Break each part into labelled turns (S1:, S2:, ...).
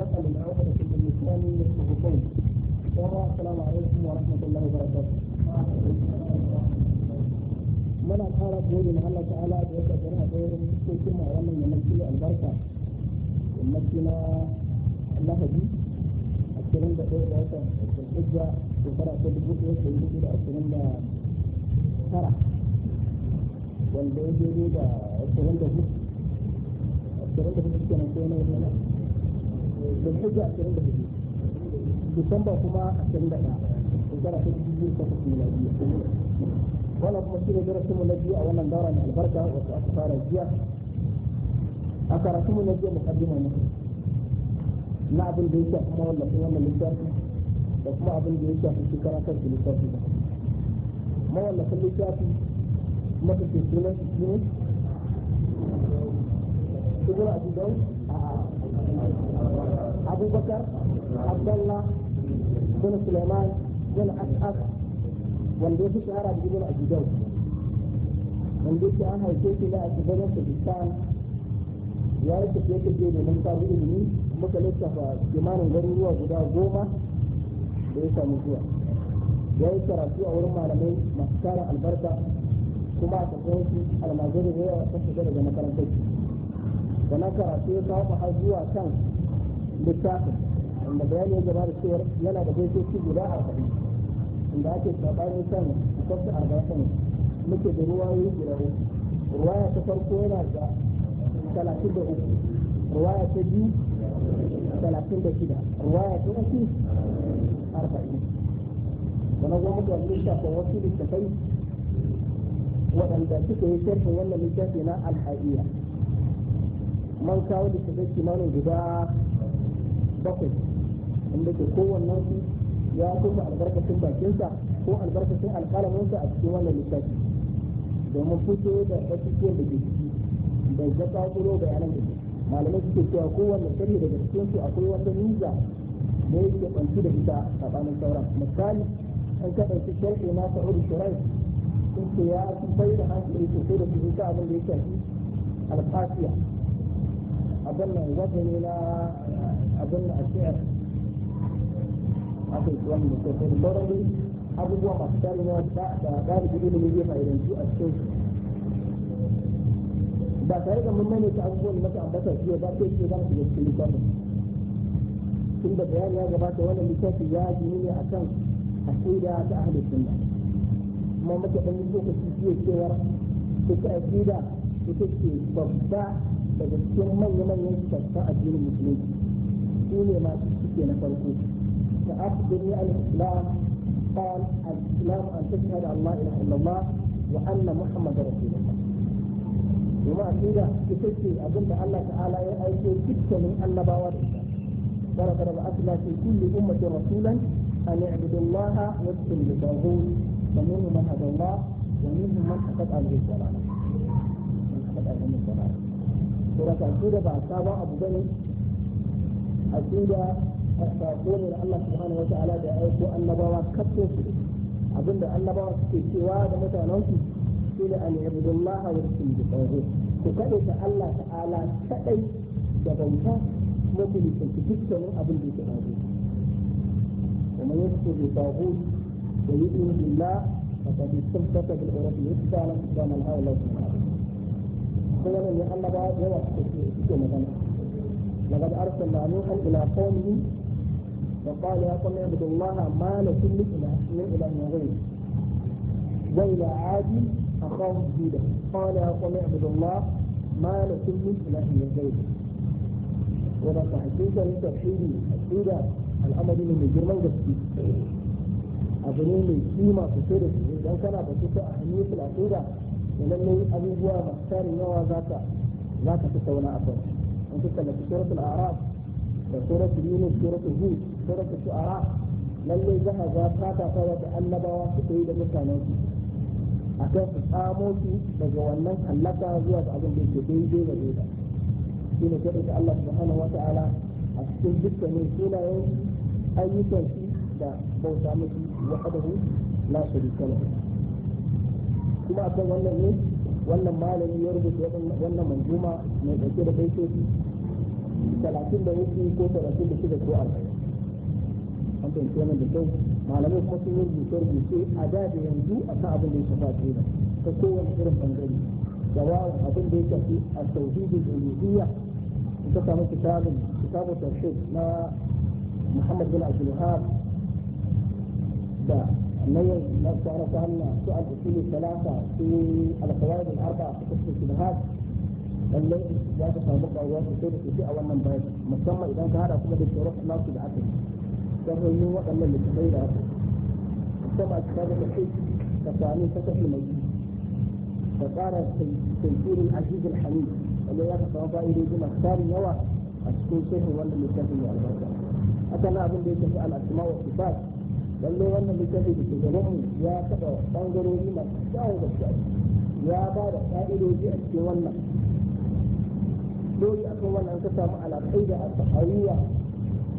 S1: ويسأل العودة في الإسلام يصبحون السلام عليكم ورحمة الله وبركاته muna fara gode na Allah ta'ala da ya kaddara a tsayin cikin ma wannan albarka yammaci na lahadi da ɗaya da watan hijja shekara ta dubu ɗaya da dubu da ashirin da tara wanda ya da ashirin da hudu ashirin da hudu na zulhijja ashirin da kuma ashirin da kuma shi ne mu na biyu a wannan daura mai albarka wasu aka fara jiya a karatun mu na biyu mukaddima ne na abin da ya shafi kuma wannan wannan da kuma abin da ya shafi shi أبو بكر عبد الله بن سليمان بن wanda ya fi shahara da gidan abi daud wanda yake an haife shi ne a cikin Pakistan ya yi tafiye tafiye da mun samu ilimi muka lissafa kimanin garuruwa guda goma da ya samu zuwa ya yi karatu a wurin malamai masu tara albarka kuma a tafiyan shi almajiri da yawa sun fita daga makarantar shi karatu ya kawo har zuwa kan littafin wanda bayani ya gaba da cewar yana da baitoci guda arba'in inda ake saɓani kan kusa arba'in muke da ruwayoyi guda uku ruwaya ta farko yana da talatin da uku ruwaya ta biyu talatin da shida ruwaya ta uku arba'in wani gwamnati da wani shafa wasu littafai waɗanda suka yi sharhin wannan littafi na alha'iya man kawo littafai kimanin guda bakwai inda ke kowanne su ya kusa albarkacin bakinsa ko albarkacin alƙalaminsa a cikin wannan littafi domin fito da fasifiyar da ke ciki da zaka tsoro bayanan da ke malamai suke cewa kowanne sharhi daga cikin su akwai wata niza da ke kwanci da ita tsakanin sauran misali an ka ɗauki sharhi na sa'udu shirai sun ce ya fi bai da hankali sosai da su ta abin da ya shafi alƙasiya abin nan wata ne na abin da a aka yi tsohon da kyau sai sauran abubuwa masu na da ilimi zai fa'idanci a cikin ba tare da mun ta abubuwan da muka ambata ba sai ce za su cikin tun da bayani ya gabata wannan littafi ya gini ne a kan aƙida ta ahalin sunna kuma ɗan lokaci jiya cewar ita aƙida ita ce babba daga cikin manya-manyan addinin musulunci su ne masu suke na farko fa akhbirni al islam qal al islam an tashhadu an la ilaha illallah wa anna muhammadar rasulullah kuma aqida ita ce abinda Allah ta'ala ya aiko dukkanin annabawa da ita ولقد بعثنا في كل أمة رسولا أن اعبدوا الله واجتنبوا الطاغوت فمنهم من هدى الله ومنهم من حقت عليه الضلالة من حقت عليه الضلالة سورة الكورة بعد سابع بني أسيرة أسرقون إلى الله سبحانه وتعالى بأيك وأن بوا كتوك أظن أن بوا كتوا دمتانوك إلى أن يعبد الله ويرسل بطوه كتبت الله تعالى كأي جبوتا ممكن يكون تكتنوا أظن بطوه ومن يرسل بطوه ويؤمن بالله فقد استمتت بالعربية كان سبحانه الله سبحانه وتعالى كل من يحمد هذا هو كتوا مدنه لقد أرسلنا نوحا إلى قومه وقال يا قوم اعبدوا الله ما لكم من إله إلا غيره وإلى عاد أخاه جيدا قال يا قوم اعبدوا الله ما لكم من إله إلا غيره وذلك حقيقة لتوحيد حقيقة الأمر من مجرم الجسدي أظن أن السيما في سيرك إذا كان بسيطة أهمية العقيدة ولم هو مختار نوع ذاك ذاك تتونا أفضل in kuka da suratul a'raf da suratul yunus suratul hud suratul shu'ara lallai za a ga fatafa wata annabawa suka yi da mutanen su a kan daga wannan hallaka zuwa ga abin da ke daidai da daidai shi ne kaɗai ta Allah subhanahu wa ta'ala a cikin dukkanin sunayen ayyukan shi da bauta musu wahadahu la sharika kuma akan wannan ne wannan malami ya rubuta wannan manzuma mai ɗauke da baitoci talatin da uku ko talatin da shida ko arba'in an fahimci wannan da kyau malamai kuma sun yi rubuce rubuce a da da yanzu a kan abin da ya shafa kenan ta kowane irin bangare jawabin abin da ya shafi a tauhidin uluhiyya ka samu kitabin kitabun tarshe na muhammad bin abdul da الميز لو تعرف ان سؤال الاصولي الثلاثه في القواعد الاربعه في قسم الشبهات اللي لا تفهمك او لا في شيء او من بعيد مسمى اذا انت هذا كله بالشروط لا تبعته فهو من وقت اللي تخيل طبعا الكتاب الوحيد تصانيف فتح الميت فقال تنكير العزيز الحميد اللي يقطع فائده من اختار نوى السكون سهل ولا اللي كان في البركه أتنا أظن بيت الأسماء والصفات lalle wannan littafin da shugaban mu ya taɓa ɓangarori masu kyawun gaskiya ya ba da ƙa'idoji a cikin wannan dole akan wannan ka samu alaƙai da alfahariya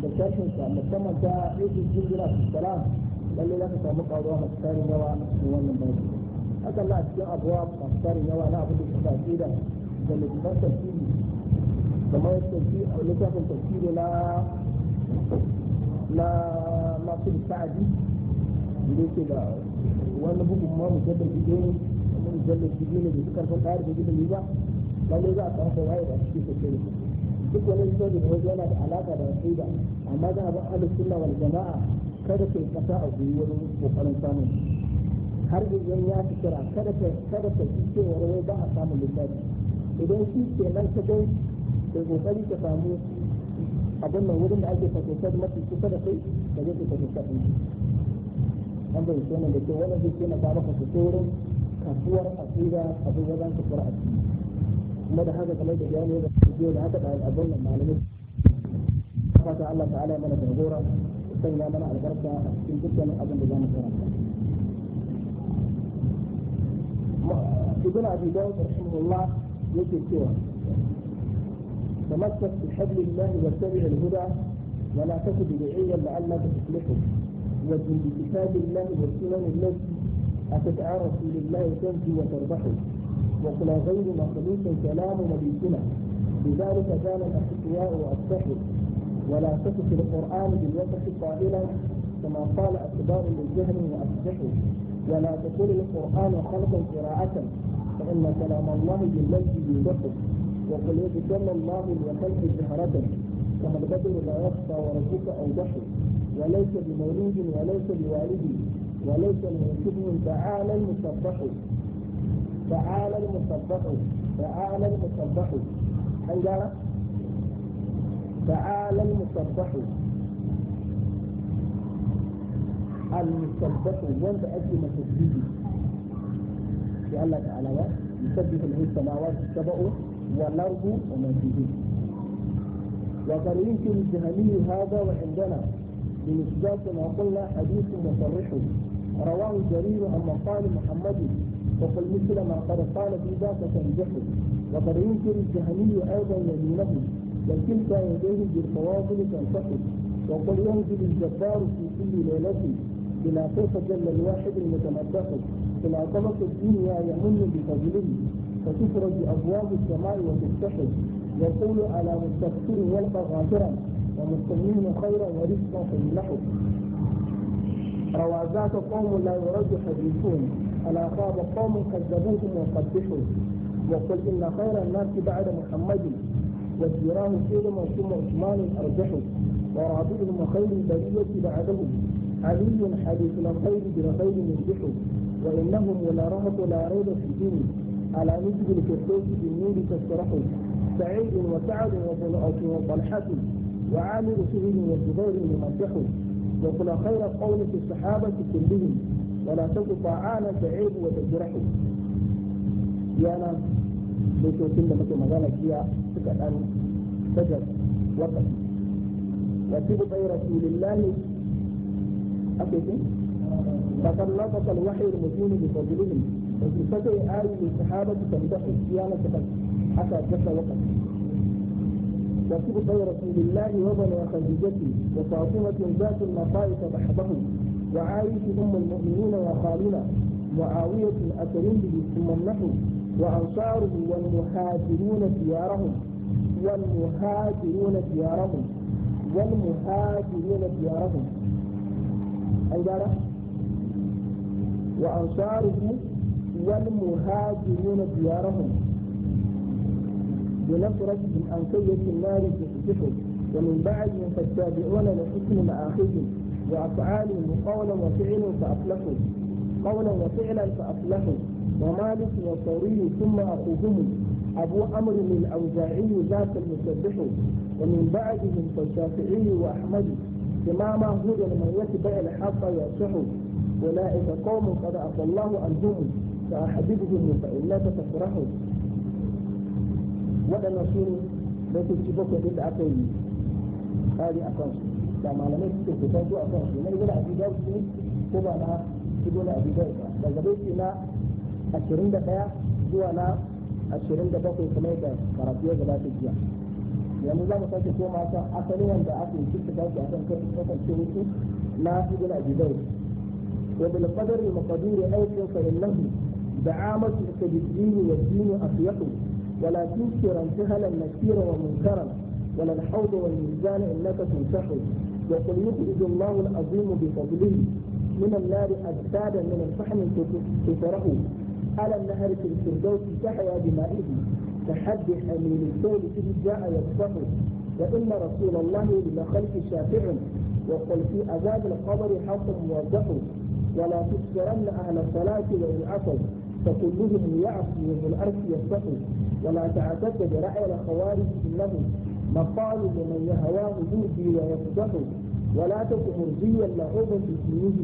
S1: da shashin sa musamman ta yake jingina su salam lalle za ka samu ƙaruwa masu tarin yawa a cikin wannan bayan haka na a cikin abuwa masu tarin yawa na abin da su ba da da littafin tafsiri kamar tafsiri a littafin tafsiri na na nasu sa'adi da yake da wani bugun ma mujallar gido ne wani mujallar gido ne da suka san ƙayar da gidan ba lalle za a samu kawai da suke sosai duk wani rikici da wani yana da alaƙa da aqida amma za a ba ahlus sunna wal jama'a kada kai kasa a guri wani kokarin samun har idan ya fikira kada ka kada ka ji cewa wai ba a samun lissafi idan shi nan ka dai da kokari ka samu abin nan wurin da ake fatosar mafi kusa da kai da zai fatosar ɗin an bai shi da ke wani zai taimaka maka su wurin kasuwar asira abin ya zan kasuwar asira kuma da haka kamar da biya ne da ke da haka da abin nan malamai fata Allah ta'ala mana jagora ya mana albarka a cikin dukkanin abin da za mu karanta ibn abi dawud rahimahullah yake cewa تمسك بحبل الله واتبع الهدى ولا تكن بدعيا لعلك تفلحوا وادن بكتاب الله والسنن التي اتت لله رسول الله تنجو وتربحه وقل غير مخلوق كلام نبينا لذلك كان الاحتواء والسحر ولا تكن في القران بالوسط قائلا كما قال اعتبار للجهل واصبحه ولا تقل القران خلقا قراءه فان كلام الله بالمجد يوضحه وقل يتجلى إيه الله الوقلب جهرة فهل بدر لا يخفى وربك أوضحه وليس بمولود وليس بوالد وليس لمنسب تعالى المسبح تعالى المسبح تعالى المسبح عندنا تعالى المسبح المسبح وانت أجل يقول لك على وقت يسبح له السماوات السبع والأرض فيه فيهن وترويج الجهمي هذا وعندنا بمثبات ما قلنا حديث مصرح رواه جرير عن مقال محمد وقل مثل ما قد قال في ذاك تنجح وقد ينكر الجهمي ايضا يمينه بل كلتا يديه بالفواصل تنفق وقل ينزل الجبار في كل ليله بلا كيف جل الواحد المتمدق بلا طبق الدنيا يمن بفضله فتفرج أبواب السماء وتتحد يقول على مستغفر يلقى غافرا ومستمين خيرا ورزقا فيمنحه روى ذات قوم لا يرد حديثهم ألا خاب قوم كذبوهم وقدحوا وقل إن خير الناس بعد محمد والجيران سيدم ثم عثمان أرجحوا ورابعهم خير البرية بعدهم علي حديث الخير بالخير ينجحوا وإنهم لرهط لا ريب في دينه على نجد الكتوس بالنور تسترحه سعيد وسعد وضلعه وضلحته وعامل سهيد وزبير يمدحه وقل خير قول في الصحابة كلهم ولا تقطع عانا سعيد وتجرحه يانا بيشو سنة كلمة ما قالك هي سكت عن فجر وقت يسيب طي رسول الله أكيد نطق الوحي المتين بفضلهم وفي فتح آل الصحابة تمدح الصيانة فقط حتى جس وقت وكبت رسول الله وبن وخديجته وفاطمة ذات المصائب بحضهم وعائشة أم المؤمنين وخالنا معاوية أترون ثم النحو وأنصاره والمهاجرون ديارهم والمهاجرون ديارهم والمهاجرون ديارهم أي وأنصاره والمهاجرون ديارهم بنصرتهم عن أنقية النار تفتحوا ومن بعدهم فالتابعون لحسن مآخذهم وأفعالهم قولا وفعلا فأصلحوا قولا وفعلا فأصلحوا ومالك وصوري ثم أخوهم أبو أمر الأوزاعي ذاك المسبح ومن بعدهم فالشافعي وأحمد إماما هدى لمن يتبع الحق يصح أولئك قوم قد عفى الله عنهم فأحببهم فإلا تفرحوا waɗannan su ne lokaci bakwai ɗin da aka yi tsari a kansu da malamai suke ke taso a kansu na gida a bidar su ko ba na shigo na bidar ba daga bai na ashirin da zuwa na ashirin da bakwai kuma da karatu ya gabata jiya yanzu za mu sake koma kan asali wanda aka yi cikin tashi a kan kasance hutu na abu na bidar ko bil qadari maqduri ayyin fa innahu دعامة كالدين والدين أفيق ولا تنكر سهلا نكيرا ومنكرا ولا الحوض والميزان إنك تنسح وقل يخرج الله العظيم بفضله من النار أجسادا من الفحم تتره على النهر في الفردوس تحيا بمائه تحدي حميل الدول إذ جاء يصفح وإن رسول الله لمخلف شافع وقل في عذاب القبر حق موضح ولا تذكرن أهل الصلاة وإن عصوا فكلهم يعصي الأرض يستحي ولا تعتد برأي الخوارج إنه مقال لمن يهواه يؤذي ويفضح ولا تك مرضيا لهم بدينه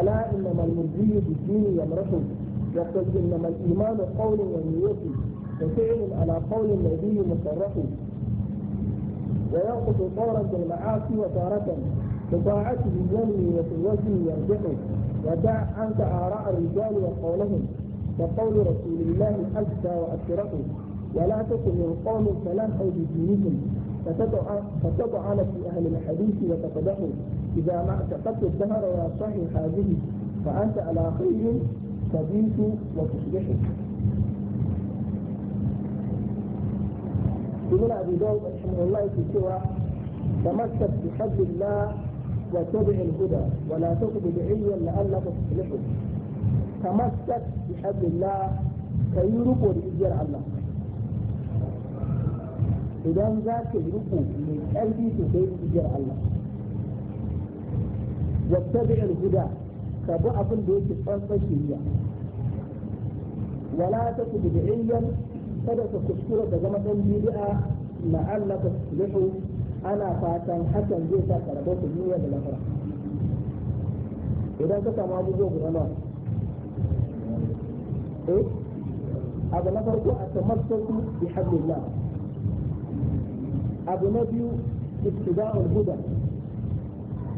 S1: ألا إنما المرضي بالدين يمرح يقول إنما الإيمان قول ونية وفعل على قول النبي مصرح ويأخذ طارة بالمعاصي وتارة بطاعته ينمي وفي الوجه يرجح ودع عنك آراء الرجال وقولهم وقول رسول الله حتى وأشرف ولا تكن من قوم تلاحوا بدينهم فتطعن في أهل الحديث وتقدحوا إذا ما اعتقدت الدهر يا صحيح هذه فأنت على خير تبيت وتصبح ابن أبي داود رحمه الله في سورة تمسك بحبل الله واتبع الهدى ولا تطلب عليا لعلك تصلحه tamassak bi hablillah kai riko da igiyar Allah idan za ka yi riko mai ƙarfi to kai igiyar Allah wattabi al-huda ka bi abin da yake tsantsan shiriya wala ta ku bid'iyyan kada ka kuskura da zama dan bid'a la'allaka tuslihu ana fatan hakan zai sa ka rabu da da lafara idan ka samu abubuwa guda eh abu na farko a tamassaku bi hablillah abu na biyu ibtida'ul huda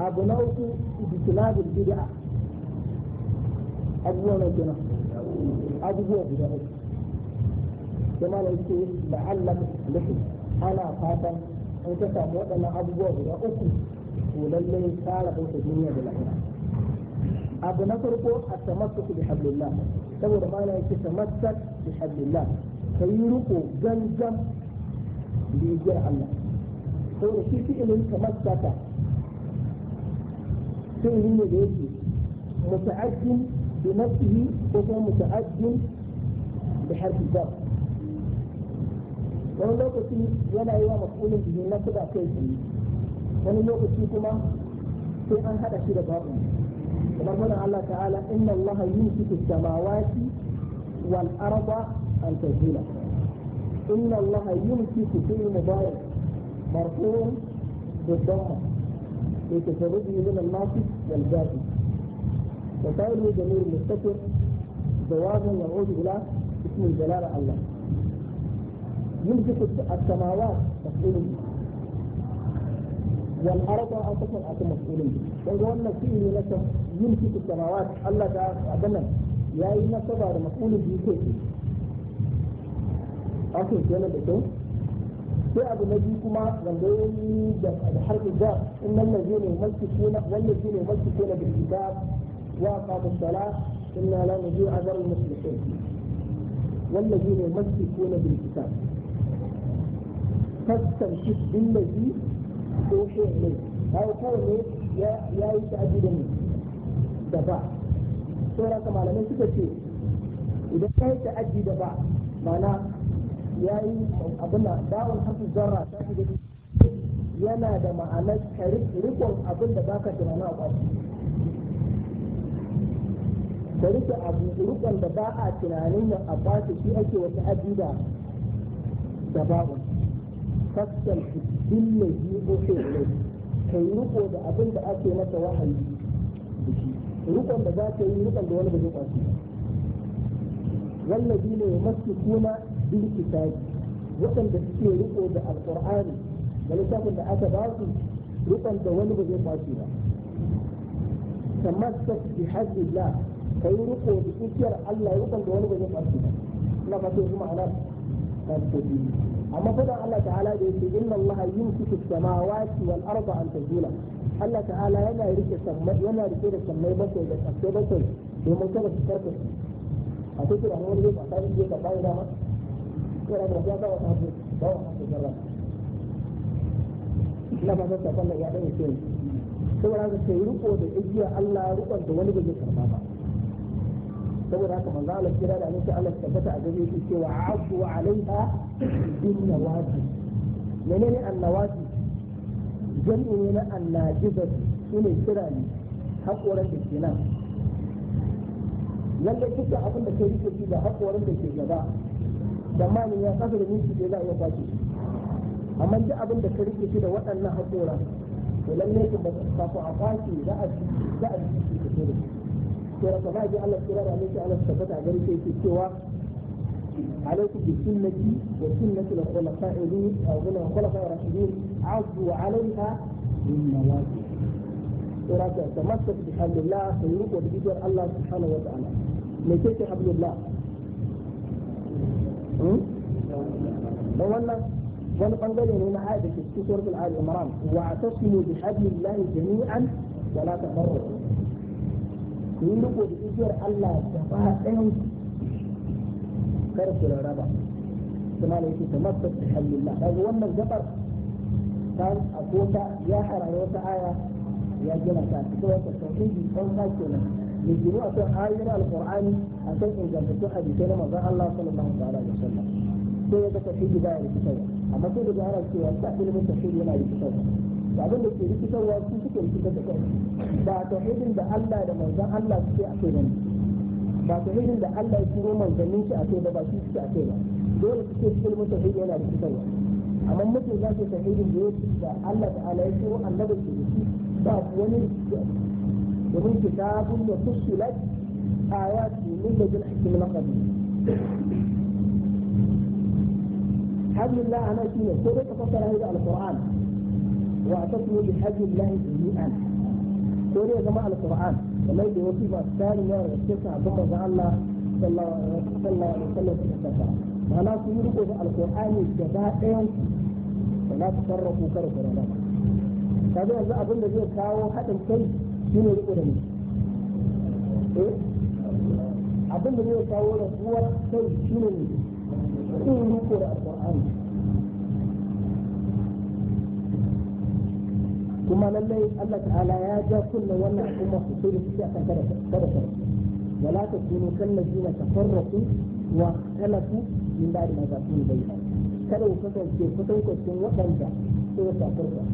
S1: abu na uku ibtilabul bid'a abubuwa na kenan abubuwa guda uku kuma da yake la'allam lahi ana fatan in ka samu waɗannan abubuwa guda uku to lallai ka rabu da duniya da lahira abu na farko a tamassuku bi hablillah saboda mana yake tamassak bi hablillah kai ruko gangan bigiyar Allah saboda shi fi'ilin tamassaka fi'ili ne da yake muta'addin bi nafsihi ko kuma muta'addin bi harfi jar wani lokaci yana yi wa mafulin bihi na kuda kai wani lokaci kuma sai an hada shi da babu kamar mana Allah ta'ala inna Allah yusiku samawati wal arda an tazila inna Allah yumsiku fil mubarak marfu'un بالضمة لتفرده من الناصب والجاذب وقوله ضمير مستتر جواب يعود إلى اسم الجلالة الله يمسك السماوات مسؤول والأرض أن تكون أنتم مسؤولين daga wannan fili na san yin fitu samawat Allah ta ya yi na saba da maqulun bi ko shi akwai kenan da kyau sai abu na biyu kuma yi da harfi da in nan na zai mai ke na wannan zai mai ko na bilkitab wa qamu sala inna la nuju azar zai mai ke na birkita fastan shi billahi ko ko ne ai ko ne ya yi ta'addi da ni da ba sauran ka malamai suka ce idan ka yi ta'addi da ba mana ya yi abinda da dawon hafi zarra ta shiga yana da ma'anar rikon abin da baka tunana a kwasu ka rike abu rikon da ba a tunanin da a kwasu shi ake wata ajiyar da ba'un kaskan dille biyu ko sai ka yi riko da abin da ake maka wahayi da shi rikon da za ka yi rikon da wani ba zai kwashi wallabi ne masu kuna bilkitabi waɗanda suke riko da alƙur'ani da littafin da aka ba su rikon da wani ba zai kwashi ba tamassak bi hajjillah ka yi riko da dukiyar Allah rikon da wani ba zai kwashi ba ina fata yanzu ma'ana ta tafi amma faɗin Allah ta'ala da yake inna Allah yumsiku samawati wal arda an tazula Allah ta'ala yana rike sammai yana rike da sammai bakwai da tsakke bakwai domin kada su karka su a cikin ranar wani zai ta yi ka bayan dama kira da ya ga wata hajji ba wa hajji zarra ina ba ta sakon nan ya ɗaya ce saboda haka sai riko da igiya Allah rukon da wani ba zai karba ba saboda haka manzo Allah kira da nake Allah tabbata a gare shi cewa abu alaiha bin nawati menene annawati jami'i ne na annajibat shine kira ne hakoran da ke nan lalle kika abin da ke rike shi da hakoran da ke gaba da malin ya kasa da miki da za a iya amma duk abin da ka rike shi da waɗannan hakoran to lalle ka ba ku a kwace za a za a ki shi da shi kira ba ji Allah kira da Allah Allah tabbata gari sai ke cewa عليكم بسنة وسنة الخلفاء الخلفاء الراشدين عضوا عليها بالنواجذ وراك تمسك بحبل الله سيروك وبجدر الله سبحانه وتعالى ميتيت حبل الله wannan wani bangare ne na ayat da ke cikin suratul al-imran wa atasimu bi hablillahi jami'an wa la tafarraqu ku yi riko da igiyar Allah gaba ɗayan kar ku rarraba kuma ne yake tamassuk da halillah kaga wannan gabar kan akota ya harare wata aya ya gina ta ta wata tauhidi kan ka kenan ne gino a kan ayoyin alqur'ani a kan ingantattun hadisai na manzon Allah sallallahu alaihi wasallam sai ya ga tauhidi ba ya rikitarwa amma sai da ana cewa ta ilimin tauhidi yana rikitarwa da abin da ke rikitarwa su suke rikitar da kai ba hidin da Allah da manzon Allah suke a kai bane ba hidin da Allah ya turo manzannin shi a kai ba ba shi suke a kai ba dole suke ilmin tauhidi yana rikitarwa amma mutum za su ke hidin da da Allah ta'ala ya turo annabin shi ba wani rikici domin kitabun ya fussilat ayati min ladun hakimin qadir hamdulillah ana shine ko da ka fassara da alquran واعتصموا بحجم الله جميعا قولوا يا جماعه القران وما يدري هو في بعض ثاني يا شيخ عبد الله جعل الله صلى الله عليه وسلم في الكتاب فلا تمرقوا القران الجزائر ولا تصرفوا كرب ولا كذا يا ابو النبي كاو حتى الكل شنو يقول لي؟ ايه؟ عبد الله يقول لك هو الكل شنو يقول لي؟ القران kuma lallai Allah ta'ala ya ja kunna wannan al'umma su so da suke akan kada kada wala ta kunu kan ladina tafarraqu wa talafu min ba'di ma zaqulu bayna kada ku kasance kusan kusan waɗanda su da tafarra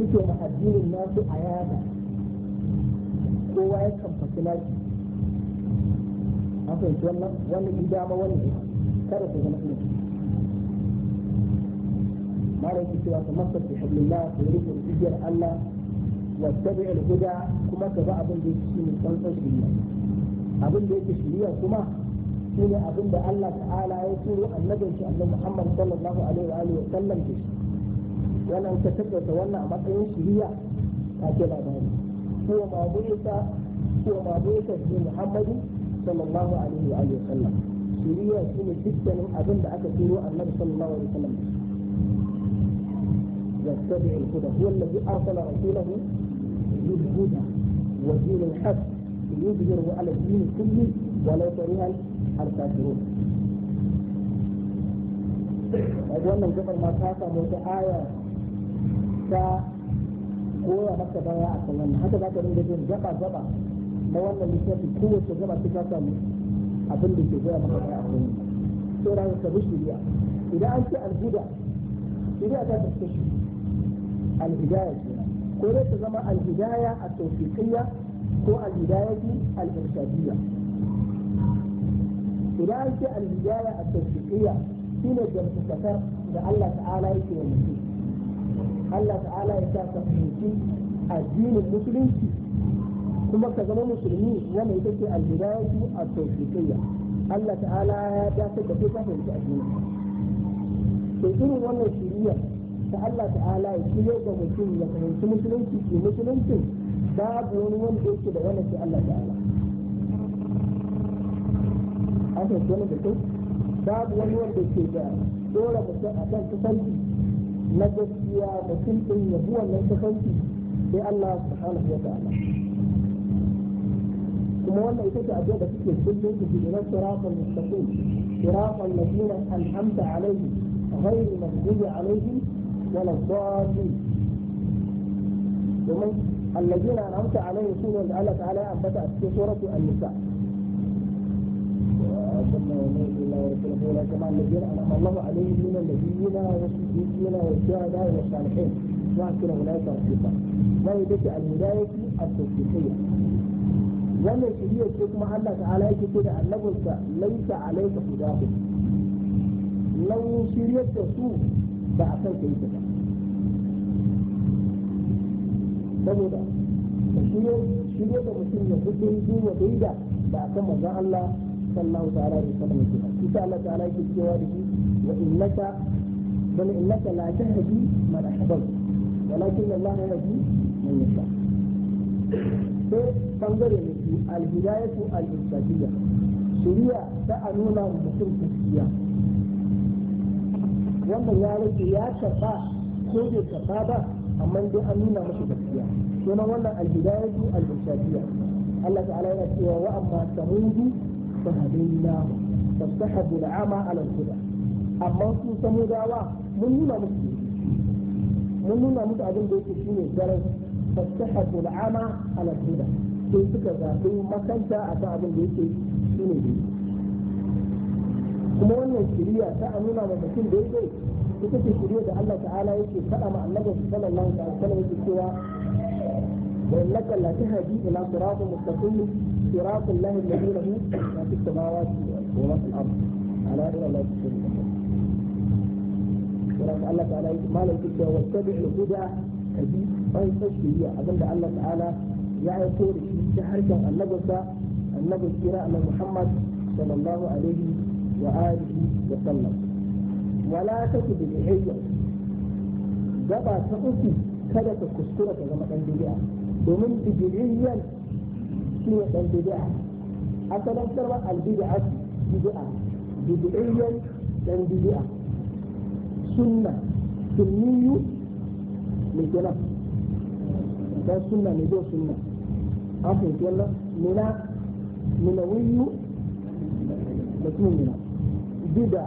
S1: suke ma addinin nasu a yada kowa ya kamfaci nashi an fahimci wannan wani idama wani kada ku zama ɗin ما ليس سوى تمسك بحبل الله ويريد الفجر الله واتبع الهدى كما تبع أبن ديك من تنصر بالله أبن ديك كما شيء أبن دا الله تعالى يقول ان نجل الله محمد صلى الله عليه وآله وسلم بشي وأنا أنت تبدأ وأنا أمطعين شيء اجل ابن هو ما بعث هو ما بعث في محمد صلى الله عليه وآله وسلم shiriya shi ne dukkanin abin da aka turo annabi sallallahu alaihi wasallam يتبع الهدى هو الذي ارسل رسوله للهدى ودين الحق ليظهره على الدين كله ولو كره الكافرون. وأن الجبر ما فات موت آية تا قوة مكة بايا أصلا حتى ذاك من جبر جبا جبا ما وأن الإنسان قوة جبا تكاتا أبن بك جبا مكة بايا أصلا سورة يتبش بيا إذا أنت الهدى إذا أنت تستشفى الهداية كل تزمى الهداية التوفيقية كو الهداية الإرشادية كذلك الهداية التوفيقية سنة جمع كثر الله تعالى يتوفيق الله تعالى في الدين المسلم كما تزمى المسلمين وما يتوفي الهداية التوفيقية الله تعالى يتوفيق الدين المسلم فإن وانا شريعة ta Allah ta'ala ya shirya da mutum ya fahimci musulunci ke musulunci babu wani wanda yake da wannan ke Allah ta'ala an fahimci wani da kyau babu wani wanda ke da dora mutum a kan tafarki na gaskiya mutum ɗin ya bi wannan tafarki sai Allah subhanahu wa ta'ala kuma wannan ita ce abin da suke kullum su bi na sirafin mustaqim sirafin ladina alhamda alaihi غير المغضوب عليهم ولا الضالين ومن الذين انعمت عليهم سورة قال تعالى انبتت في سورة النساء كما الذين انعم الله عليهم من النبيين والصديقين والشهداء والصالحين واكثر اولئك رفيقا ما يدك الولايه التوفيقيه wannan shirya ce kuma Allah ta'ala yake ce da annabinsa laisa alaika hudahum lan shiryar da ba a kan kai ba saboda da shirye shirye da mutum ya fito duba daida ba a kan manzon Allah sallallahu ta'ala da wasallam ke ba shi Allah ta'ala ke cewa da shi wa innaka bal innaka la tahdi man ahbabta ولكن الله يهدي من يشاء bangare na biyu alhidayatu al-islamiyya shari'a ta a nuna mutum gaskiya wannan ya rage ya karɓa ko bai karɓa ba amma dai an nuna masa gaskiya sunan wannan alhidayatu al-irshadiyya Allah ta'ala yana cewa wa amma samudu fa hadaina fastahabu al-ama ala al-huda amma su samudawa mun nuna musu mun nuna musu abin da yake shine garan fastahabu al-ama ala al-huda sai suka zaɓi makanta akan abin da yake shine daidai kuma wannan shiriya ta a nuna wa mutum daidai ita ce shiriya da Allah ta'ala yake faɗa ma annabi sallallahu alaihi wasallam yake cewa وإنك لا تهدي إلى صراط مستقيم صراط الله الذي له ما في السماوات وما في الأرض على إلى الله سبحانه ورحمة الله تعالى ما لم تكن واتبع الهدى كبير أي تشريع أظن الله تعالى يعرف شيء شحرك النبي النبي كيرا محمد صلى الله عليه وآله وسلم ولا تكد بحية جبا تقفي كذا تكسكرة كما كان بدعة ومن بجريا كما كان بدعة حتى لم ترى البدعة بدعة بدعيا كان بدعة سنة سنية مثلا كان سنة مدو سنة أخي يلا منا منوي مثل منا, منا. منا. منا. منا. منا. منا. منا. bida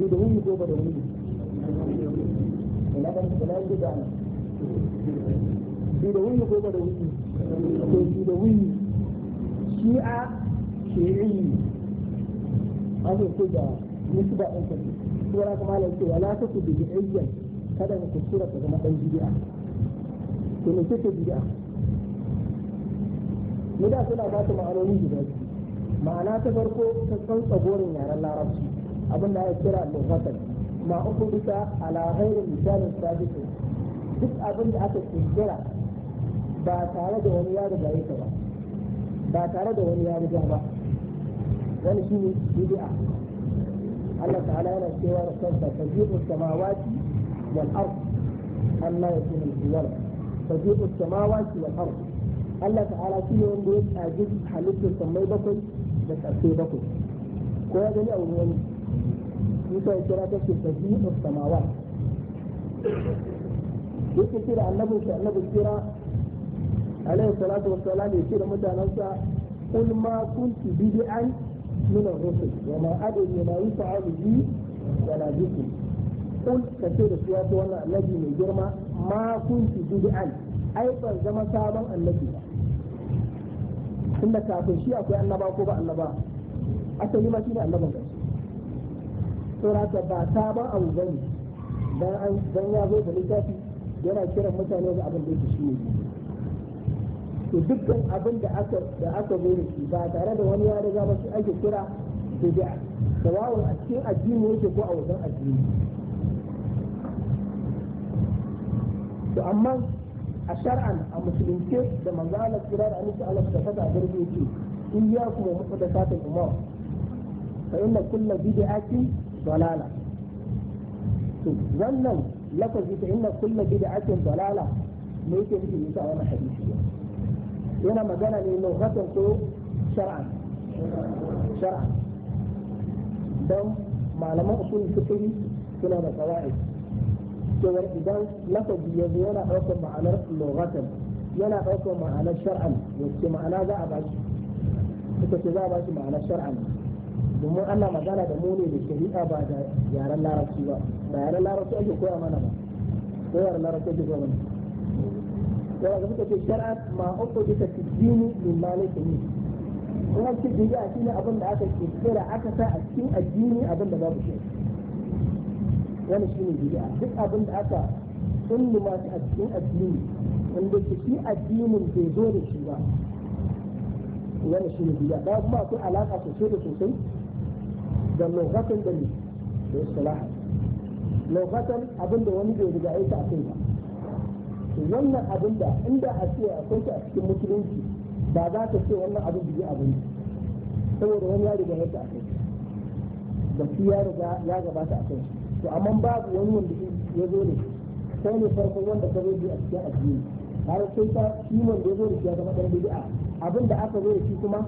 S1: bida wuni ko ba da wuni ina kan ina bida ne bida wuni ko ba da wuni to bida wuni shi'a shi'i an yi ko da nisba ɗin ka ce sura kuma ala ce wala ta ku bidiyayyan kada mu kuskura ka zama ɗan bidi'a to me kake bidi'a ne da suna ba ta ma'anoni guda biyu ma'ana ta farko ta san tsagorin yaren larabci abin da ya kira lokatan ma uku bisa ala ghairin misalin sabitin duk abin da aka kira ba tare da wani ya riga ya ba ba tare da wani ya riga ba wani shi ne bid'a Allah ta'ala yana cewa da kansa tabi'u samawati wal ard Allah ya kuma zuwa tabi'u samawati wal ard Allah ta'ala shi ne wanda ya tsage halittar samai bakwai da ƙarfe bakwai ko ya gani abu wani musa ya kira ta ce da samawa yake kira annabi shi annabi kira alaihi salatu wassalam ya kira mutanensa kul ma kuntu bid'an min ar-rusul wa ma adri ma yufa'alu bi wala bikum kul ka ce da su ya wannan annabi mai girma ma kuntu bid'an ai ban zama sabon annabi ba tunda kafin shi akwai annaba ko ba annaba asali ma shi ne annaban ƙarshe ba ta ba abu bane dan ya zo da littafi yana kiran mutane da abin da yake shi ne to dukkan abin da aka da zo da shi ba tare da wani ya riga ba shi ake kira bid'a sawa'un a cikin addini yake ko a wajen addini to amma a shar'an a musulunce da manzo Allah kira da annabi Allah ta fada a garbe yake iyyakum wa muhdathatil umur fa inna kullu bid'atin dalala to wannan lafazi ta inna kullu bid'atin dalala me yake nufi ne ta wannan hadisi yana magana ne lughatan ko shar'an shar'an dan malaman usul fiqh suna da qawaid cewar idan lafazi ya zo yana ɗaukar ma'anar logatan yana ɗaukar ma'anar shar'an wacce ma'ana za a bashi suka ce za a shi ma'anar shar'an domin ana magana da mu ne da shari'a ba da yaren larabci ba ba yaren larabci ake koya mana ba ko yaren larabci ake koya mana yana suka ce shar'an ma uku duka fi dini min maliki ne in an a shi shine abin da aka kira aka sa a cikin addini abin da babu shi wani shi ne bid'a duk abin da aka kullu ma a cikin addini wanda ke shi addinin bai zo da shi ba wani shi ne bid'a da kuma akwai alaka sosai da sosai da lokacin da ne da istilaha lokacin abin da wani bai riga aika akai ba wannan abin da inda a ce akwai shi a cikin musulunci ba za ka ce wannan abin bid'a ba ne saboda wani ya riga aika akai da shi ya riga ya gabata akai to amma babu wani wanda ya zo ne sai ne farkon wanda ka zo da a cikin addini har sai ta shi wanda ya zo da shi ya zama dan bid'a abin da aka zo da shi kuma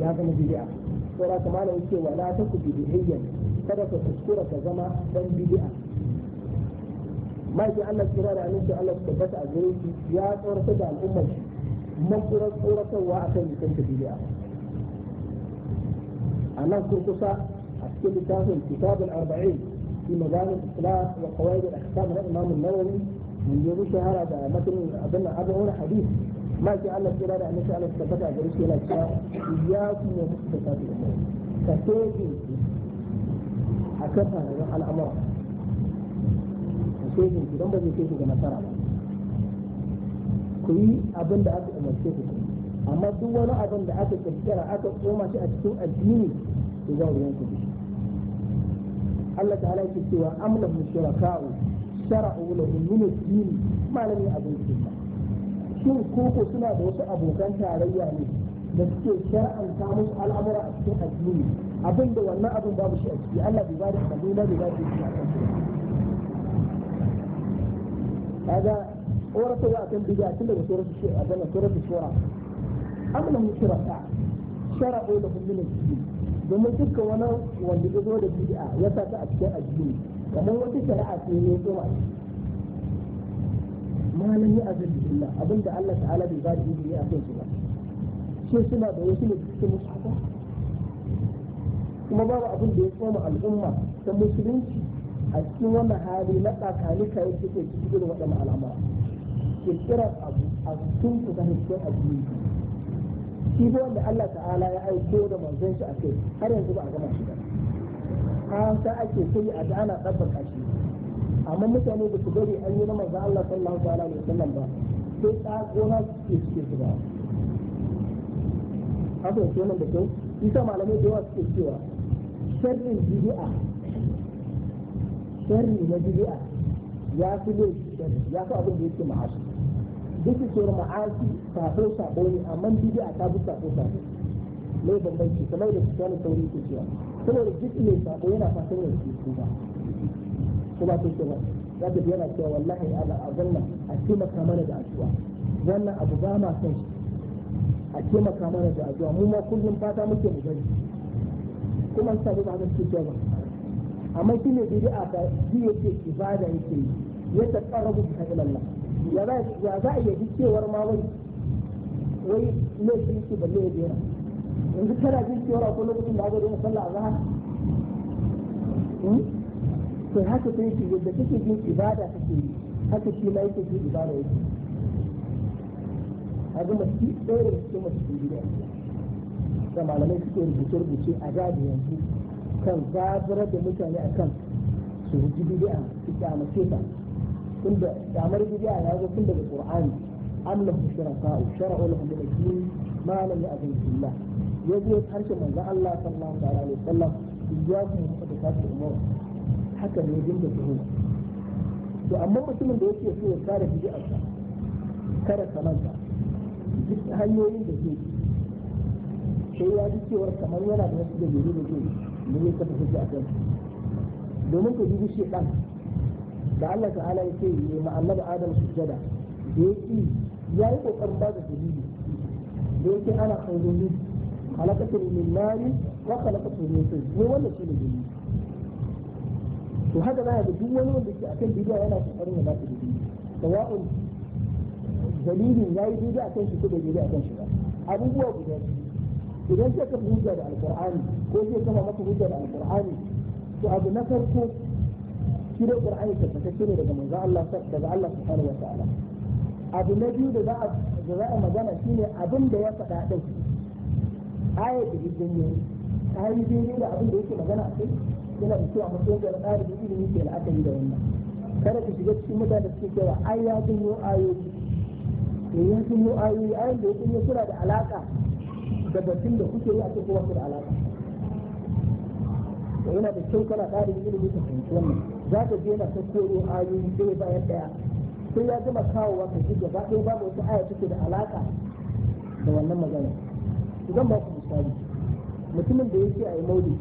S1: ya zama bid'a ra kamar yake wala ta ku bid'iyyan kada ka kuskura ka zama dan bid'a maki Allah kira da aminci Allah ta tabbata a gare shi ya tsorata da al'ummar shi makurar tsoratarwa a kan jikin bid'a a nan kurkusa a cikin littafin kitabul arba'in في مجال الاصطلاح وقواعد الاحكام الامام النووي يجي شهر هذا مثل اظن ابو حديث ما في الله في ده ان شاء الله استفدت الى كلا اياكم ومحدثات الامور فكيفي على الامر كيفي كده ما كيفي كما ترى ku اظن abin da aka umarce ku amma duk wani abin da aka kirkira aka koma shi a cikin addini Allah ta'ala yake cewa am lahum shuraka'u shara'u lahum min ad-din ma lam ya'budu shin koko suna da wasu abokan tarayya ne da suke shar'anta musu al'amura a cikin addini abin da wannan abin babu shi a ciki Allah bai ba da kazo na bai ba da shi a kan kaga orata ya kan bid'a tun daga suratu shi a wannan suratu shura am lahum shuraka shara'u lahum min ad-din domin duka wani wanda ya zo da bid'a ya sa ta a cikin addini kamar wata shari'a ce ne kuma malami a zai billah abinda Allah ta'ala bai ba da izini a kan su ba shi suna da wasu ne cikin musulunci kuma babu abin da ya koma al'umma ta musulunci a cikin wannan hali na tsakani kai suke cikin waɗannan al'amura ke kira abu a cikin kusa cikin addini shi da wanda Allah ta'ala ya aiko da manzon shi a kai har yanzu ba a gama shi ba an sa ake sai a da ana tabbata shi amma mutane da su bari an yi na manzon Allah sallallahu alaihi wasallam ba sai ta gona ke suke su ba haka yake nan da shi isa malamai da yawa suke cewa sharrin jibi'a sharri na jibi'a ya fi ya fi abin da yake ma'asu duka ke cewar ma'asi sabo sabo ne amma bid'a ta bi sabo sabo mai bambanci kamar da cikin sauri ke cewa da duk mai sabo yana fatan ya ci su ba kuma ta ce ba za ta biyana cewa wallahi ala zanna a taimaka mana da asuwa wannan abu ba ma son shi a taimaka mana da asuwa mu ma kullum fata muke mu gani kuma sa ba haka suke ba amma shi ne a ta yi yake ibada yake yi ya ta tsara buka ilallah ya za a yabi cewar ma wai wai laifin yake balle ya bera yanzu kana jin cewar akwai lokacin da aka zo sallah a zahar hmm? to haka sai ki yadda kake jin ibada kake yi haka shi ma yake jin ibada yake a ga masu ɗaya da cikin masu gida da malamai suke rubuce-rubuce a gadi yanzu kan zaburar da mutane akan su rubuci bid'a su kyamace ta tunda kamar bid'a ya zo tun daga qur'ani annahu shuraka'u shara'u lahum min ad-din ma lam ya'zin billah ya zo harshen manzo Allah sallallahu alaihi wasallam iyyakum wa tafakkur umur haka ne dinga tuhuma to amma mutumin da yake so ya kare bid'a kada ka manta duk hanyoyin da zai sai ya ji cewar kamar yana da wasu dalilai da zai ne ya tafi hujja a kan domin ka dubi shi ɗan da Allah ta'ala ya ce yi ma annabi adam sujjada da ya ki ya yi kokarin ba da dalili da ya ce ana khairun halakatu min nari wa halakatu min tin ne wannan shi ne dalili to haka za a ga duk wani wanda ke akan bidiyo yana kokarin ya ba da dalili sawa'un dalilin ya yi daidai akan shi ko bai daidai akan shi ba abubuwa guda biyu idan sai ka hujja da alqur'ani ko sai kama maka hujja da alqur'ani to abu na farko shi da qur'ani tabbatacce ne daga manzo Allah daga Allah subhanahu wataala abu na biyu da za a da za a magana shine abin da ya faɗa din ayat da jinni ayi jinni da abin da yake magana a kai yana da cewa mutum da tsari da ilimi ke la'akari da wannan kada ku shiga cikin mutane da suke cewa ai ya jinyo ayoyi eh ya jinyo ayoyi ayoyin da ya jinyo kuna da alaka da batun da kuke yi a cikin wasu da alaka yana da kyau kana da ilimi ka fahimci wannan za ka je na kokoro ayoyi ɗaya bayan ɗaya sai ya gama kawowa ka ji ba ɗaya babu wata aya take da alaƙa da wannan magana zan ba ku misali mutumin da yake a yi mauli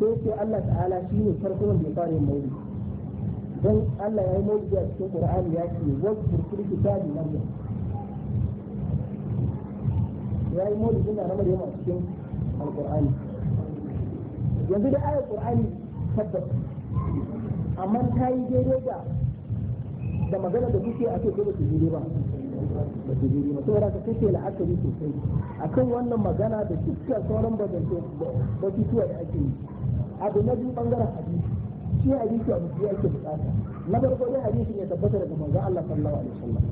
S1: sai ce Allah ta'ala shi ne farko wanda ya fara yin mauli don Allah ya yi mauli a cikin Qur'ani ya ce wasu kirki kitabi bi Maryam ya yi mauli suna na Maryam a cikin Al-Qur'ani yanzu da ayar Qur'ani tabbata amma ta yi daidai da da magana da duke a ce ko ba su daidai ba ba su daidai ba saboda ka kace la'akari sosai akan wannan magana da dukkan sauran bazance tuwa da ake yi abu na biyu bangaren hadisi shi hadisi abu biyu ake bukata na farko dai hadisi ne tabbata daga manzo Allah sallallahu alaihi wasallam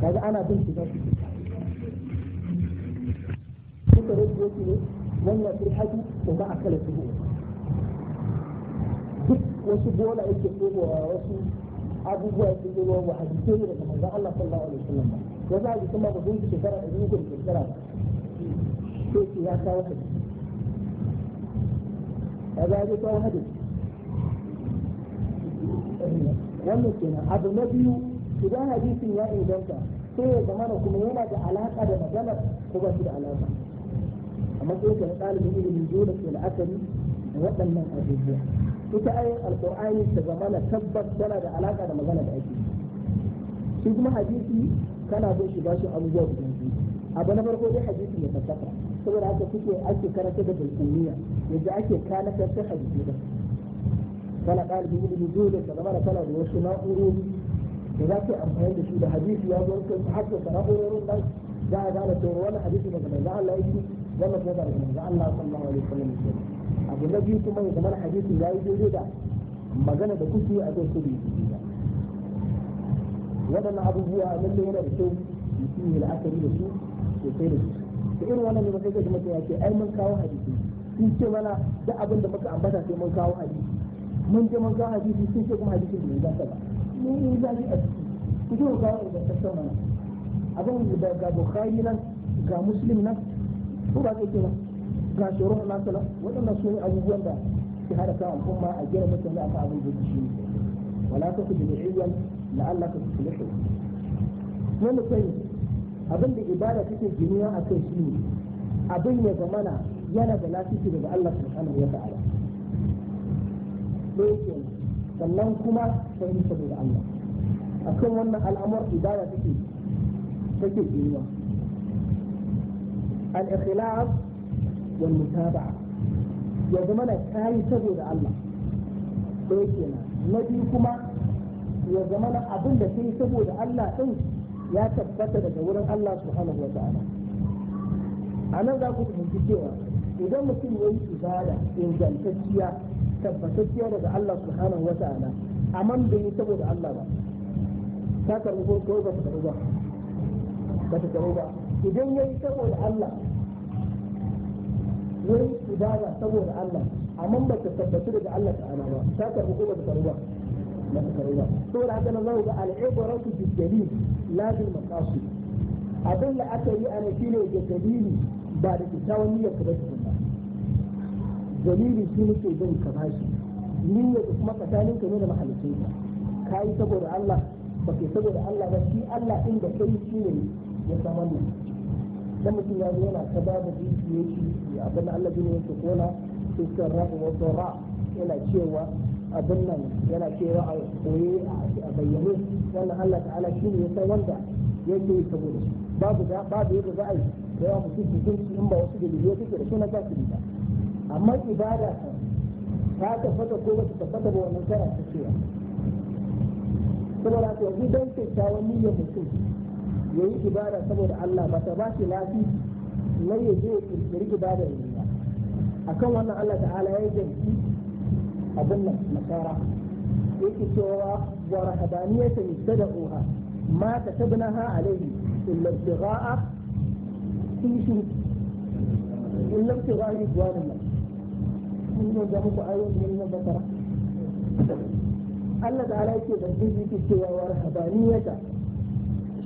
S1: kaga ana bin shi zaki kuka rubuta yake ne wannan sai hadisi ko ba akala su wasu bola yake ɗebowa wasu abubuwa yake ɗebowa ba hadisai ne daga manzon Allah sallallahu alaihi wasallam ba ya za a ji kuma ba zai shekara da yugo da shekara ba sai ce ya kawo hadisi ya za a ji kawo hadisi wannan kenan abu na biyu idan hadisin ya inganta sai ya zama kuma yana da alaƙa da maganar ko ba shi da alaƙa amma sai ka ɗalibin ilimin dole ke la'akari da waɗannan abubuwa ita ayin alqur'ani ta zamana tabbas tana da alaka da magana da ake shi kuma hadisi kana bin shi bashi abubuwa guda biyu abu na farko dai hadisi ne fasaha saboda haka kuke ake karanta da bulkuniya yadda ake kana karanta hadisi da kana ɗalibin ilimi dole ka zama da kana da wasu na'urori da za ka amfani da shi da hadisi ya zo ka haka da na'urorin nan za a gane cewa wani hadisi daga manzo Allah yake wannan kuma daga manzo Allah sallallahu alaihi wasallam abu na biyu kuma ya zama hadisi ya yi daidai da magana da kuke a zai su biyu waɗannan abubuwa lalle yana da kyau mutum ya la'akari da su sosai da su da irin wannan ne sai kaji mutum ya ce ai mun kawo hadisi sun ce mana da abin da muka ambata sai mun kawo hadisi mun je mun kawo hadisi sun ce kuma hadisi bai inganta ba mun yi zafi a ciki ku je ku kawo ingantaccen mana abin da ga bukhari nan ga muslim nan ko ba kai ke ba ga tsoron na salaf waɗannan su ne abubuwan da ke hada kan kuma a gina mutane a kan abin da shi ne wala ta kudu bi'iyyan la'alla ta tuslihu ne mutum abin da ibada take giniya a kai shi ne abin ya zamana yana da lafiya daga Allah subhanahu wa ta'ala ɗaya sannan kuma fahim saboda Allah akan wannan al'amur ibada take take giniya al-ikhlas والمتابعة يا زمانة كاي تبير الله بيكينا كما يا زمانة أبن كاي تبير الله إن يا تبتة لجورة الله سبحانه وتعالى أنا ذاك من كتير إذا ما كان وين إزالة إن كان تجيا تبتة الله سبحانه وتعالى أمن بين تبير الله ما تكرمه كوبا تكرمه كوبا إذا ما كان وين إزالة wurin ibada saboda Allah amma ba ta tabbatu daga Allah ta'ala ba ta karbi ko da ta karbi ba ta karbi ba saboda haka nan zamu ga al'ibratu bi dalil la bil maqasid abin da aka yi ana shine da dalili ba da kyakkyawan niyyar ka ba dalili shi muke bin ka bashi niyyar ka kuma tsakanin ka ne da mahalicin ka kai saboda Allah ba kai saboda Allah ba shi Allah inda kai shi ne ya san wannan dan mutum ya zo yana ta ba da dukiye shi abin da Allah ne yake kona iskar rafi wato ra yana cewa abin nan yana cewa a koye a bayyane wannan Allah ta'ala shi ne ya san wanda yake yi saboda shi babu da babu yadda za a yi da yawa mutum hukunci in ba wasu dalilai suke da suna za su yi ba amma ibada ta ta tafata ko ba ta tafata ba wannan tana ta cewa saboda haka yanzu don kyakkyawan niyyar mutum ya yi ibada saboda Allah ba ta ba shi lafi na ya je ya kirkiri ibada ya yi a kan wannan Allah ta'ala ya yi jamfi abin nan nasara yake cewa wa rahabaniyata yastada'uha ma katabnaha alayhi illa ibtigha'a fi shirk illa ibtigha'a ridwanillah mun ne da muku ayoyin nan bakara Allah ta'ala yake da yake cewa wa rahabaniyata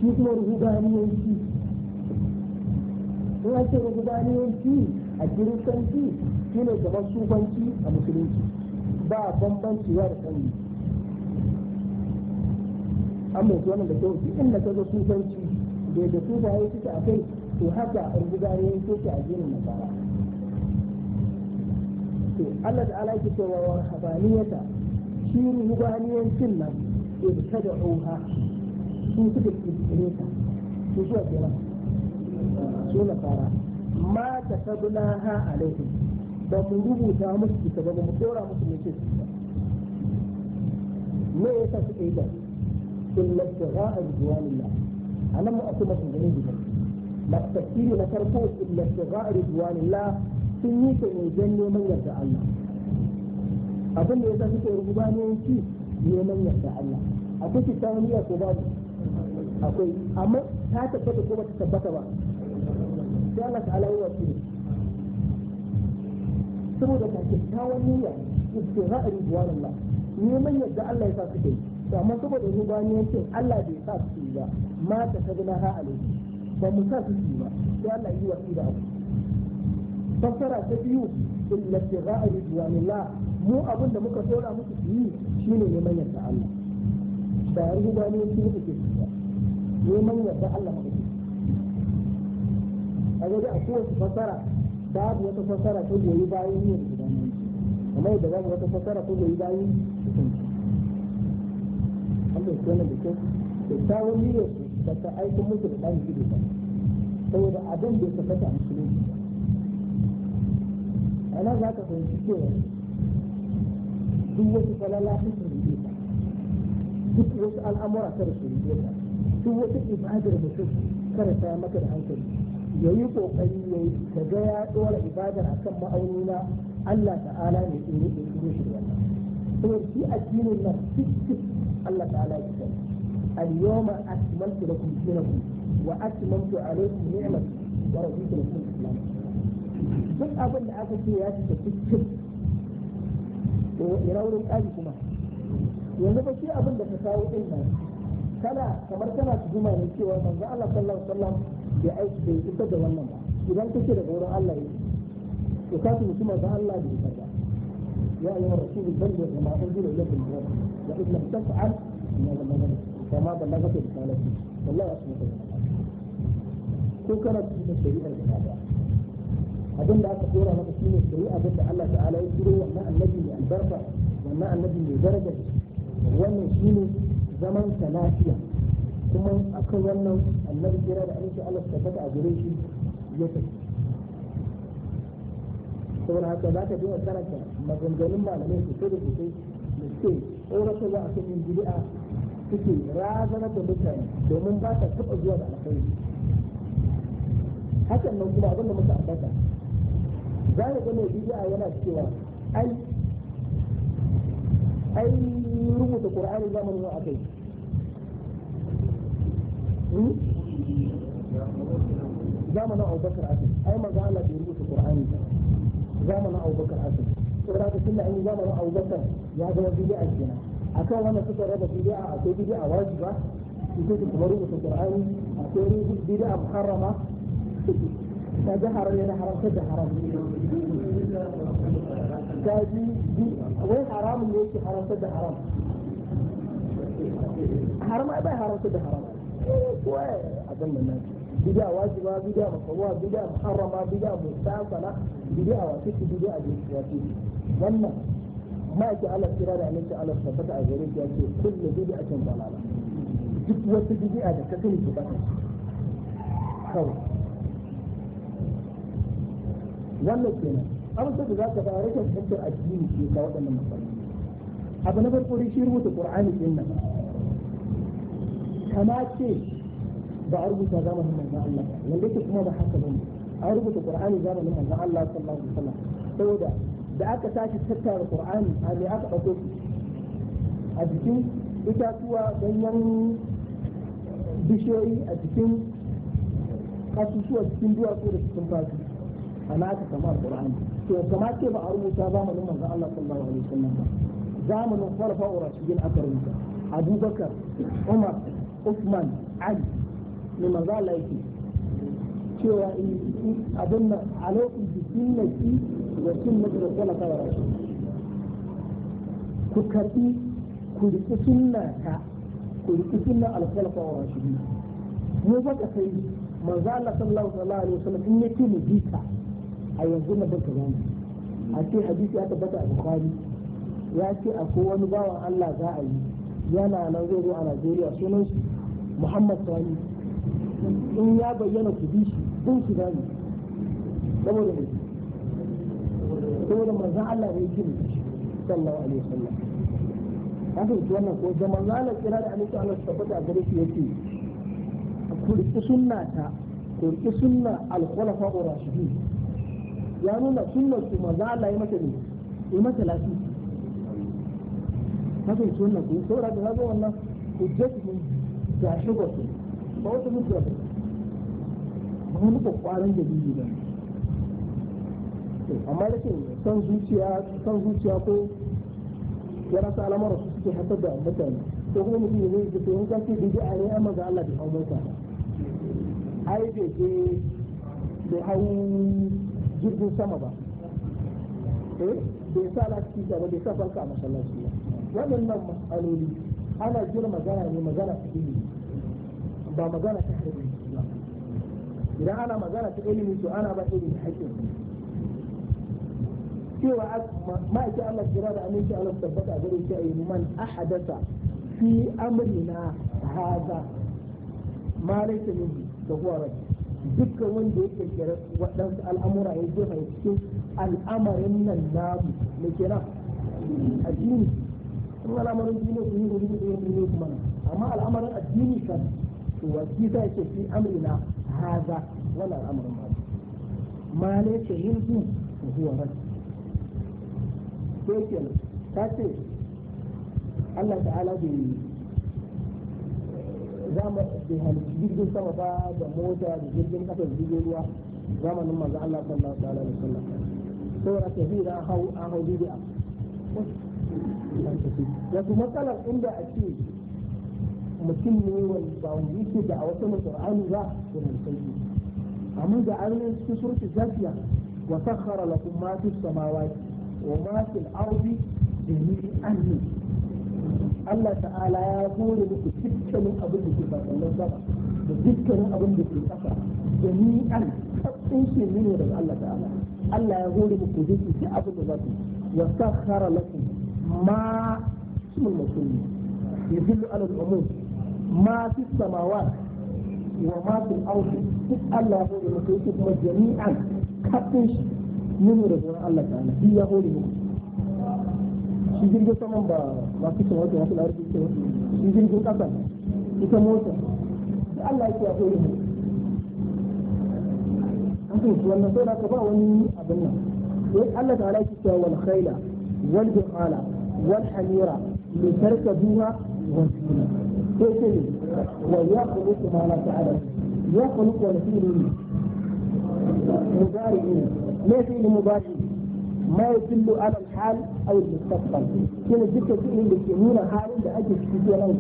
S1: shi kuma ruhubaniyanci in ake ruhubaniyanci a kiristanci shi ne kamar sufanci a musulunci ba bambanci ya da sani an mai wannan da kyau inda ka ga sufanci da da ya suke a kai to haka ruhubaniyanci ke a jinin nasara to Allah ta'ala yake cewa wa habaniyata shi ruhubaniyancin nan ibtada'uha su suka kirkire ta su zuwa kenan su na fara ma ta sabula ha alaihi ba mu rubuta musu ita ba mu dora musu ne ce me yasa suka yi da illa tira'a ridwanillah anan mu kuma mutum gane gidan na tafsiri na farko illa tira'a nila sun yi ta ne don neman yarda Allah abin da yasa suke rubuta ne ci neman yarda Allah akwai kitabun ko babu akwai amma ta tabbata ko ba ta tabbata ba sai Allah ta'ala yi wasu ne saboda ta kyakkyawan niyya istira'in buwan Allah neman yadda Allah ya sa su kai. amma saboda ba ni rubaniyancin Allah bai sa su yi ba ma ta tabina ha alaihi ba mu sa su ba sai Allah yi wasu da abu fassara ta biyu illa ra'ayi buwan Allah mu abin da muka tsora musu su yi shine neman yadda Allah ba ne muka ke neman yadda Allah ka yi a wajen a kowace fasara babu wata fasara ta goyi bayan yin gudanarwa kamar yadda babu wata fasara ta goyi bayan hukunci an bai kenan da kyau kyakkyawan niyyar su ba ta aika musu da ɗan gido ba saboda abin da ya tabbata a musulunci a nan za ka fahimci cewa duk wasu falala sun rubuce ta duk wasu al'amura ta rubuce ta duk wata ibadar mutum karanta maka da hankali ya yi kokari ya yi ka ga ya ɗora ibadar a kan ma'aunina Allah ta'ala ne tsoro da tsoro shi wannan saboda shi addinin nan cikin Allah ta'ala ya kai اليوم أكملت لكم دينكم وأتممت عليكم نعمتي ورضيت لكم الإسلام duk abin da aka ce ya cika cikin to ina wurin ƙari kuma yanzu ba shi abin da ka kawo ɗin nan kana kamar kana tuhuma ne cewa manzo Allah sallallahu alaihi wasallam ya aiki bai isa da wannan ba idan kace daga wurin Allah ne to ka su mutum da Allah bai isa ba ya ayyuhar rasul balli ma unzila ilayka min rabbik wa in lam taf'al ma lam nabi kama ballagata risalati wallahi asmuka ko kana cikin shari'ar da ba abin da aka dora maka shine shari'a da Allah ta'ala ya turo wannan annabi mai albarka wannan annabi mai daraja wannan shine zaman sa lafiya kuma akan wannan annabi kira da aiki Allah ta tabbata a gare shi ya tafi saboda haka za ka biya karanta maganganun malamai sosai da sosai da suke tsoratarwa a kan yin bid'a suke razana da mutane domin ba ta taba zuwa da alkhairi hakan nan kuma abin da muka ambata za ga mai bid'a yana cewa ai ai rubuta qur'ani zamanin yau akai zamanin abubakar asin ai maza Allah bai rubuta qur'ani zamanin abubakar asin saboda haka tunda an yi zamanin abubakar ya zama bid'a kenan akan wannan suka raba bid'a akwai bid'a wajiba sai su kuma rubuta qur'ani akwai bid'a muharrama ta ga haram yana haramta da haram ta ji bi wai haramun ne yake haramta da haram haram ai bai haramta da haram kowa a kan nan nan bid'a wajiba bid'a makawa bid'a muharrama bid'a mustasala bid'a wa take bid'a da wato wannan ma yake Allah kira da annabi Allah tabbata a gare shi yake kullu bid'atin dalala duk wata bid'a da ka sani ki bata kawai wannan kenan amsar da za ka fara rashin fahimtar addini ke ka waɗannan matsaloli abu na farko dai shi rubuta qur'ani din nan kama ce ba a rubuta zamanin manzon Allah wanda yake kuma ba haka bane a rubuta qur'ani zamanin manzon Allah sallallahu alaihi wasallam saboda da aka tashi tattara qur'ani a me aka dauko shi a jikin itatuwa ganyen bishiyoyi a jikin kasusuwa cikin duwatsu da cikin basu ana aka kama qur'ani to kama ce ba a rubuta zamanin manzon Allah sallallahu alaihi wasallam ba zamanin khulafa'ur rashidin Abubakar Umar Uthman Ali ne manzon Allah yake cewa in abin nan da sunnati da sunnati da ku karbi ku riƙi sunna ta ku riƙi sunna al mu ba ka sai Allah sallallahu alaihi wasallam in yake mu a yanzu na baka gane a ce hadisi ya tabbata a bukari ya ce akwai wani bawan Allah za a yi yana nan zai zo a Najeriya sunan shi Muhammad Sani in ya bayyana ku bi shi kun shi gani saboda ne saboda manzon Allah ne yake sallallahu alaihi wasallam haka yake wannan ko da manzon Allah kira da annabi Allah ta tabbata a gare shi yake ku riki sunna ta ku sunna al-khulafa ar-rashidin ya nuna sunnar su maza Allah ya mata ne ya mata lafi haka yi sunnar ku saboda ka ga wannan hujjatun ga shigo su ba wata mutu ba ba wani kwakwaran da biyu ba amma rashin san zuciya san zuciya ko ya rasa alamar su suke haifar da mutane ko kuma mutum ya zai a ne amma Allah hau mota ai bai je hau jirgin sama ba eh bai sa lafiya ba bai sa farka a masallaci ba waɗannan matsaloli ana jira magana ne magana ta ilimi ba magana ta ilimi ba idan ana magana ta ilimi to ana ba ilimi haƙƙin cewa ma'aikin Allah jira da aminci Allah tabbata gare shi a yi man ahadasa fi amrina haza ma laita minhu da huwa rabbi dukkan wanda ya kirkira waɗansu al'amura ya jefa ya cikin al'amarin nan na mu ne kira addini kuma al'amarin duniya su yi da rubuta yin duniya kuma amma al'amarin addini kan to waki za ke fi amrina haza wannan al'amarin ma ma ne ce hindu zuwa rai sai ke ta ce Allah ta'ala bai za mu halittu jirgin sama ba da mota da jirgin kasa da jirgin ruwa zamanin manzo Allah sallallahu alaihi wasallam saboda ta bi da hau an hau bid'a kuma matsalar inda ake mutum ne wani ba wanda yake da a wata musulmani ba da musulmi amma da an yi su surki zafiya wa sakhara lakum ma fi samawati wa ma fil ardi jami'an Allah ta'ala ya hore muku dukkanin abin da ke bakallan sama da dukkanin abin da ke ƙasa jami'an kaɗin ke nuna daga Allah ta'ala Allah ya hore muku duk duk abin da za ku wa sakhara lakum ma sul musulmi yadullu ala al-umur ma fi samawat wa ma fi al-ardi duk Allah ya hore muku kuma jami'an shi daga Allah ta'ala shi ya سيجين جو سامم با ما في سوا جو هاتو لارو بيسو سيجين جو كاتا يسا موتا الله يكي أقول لهم ما يدل على الحال او المستقبل كده جدا شيء اللي يمين حال ده اجي في ولا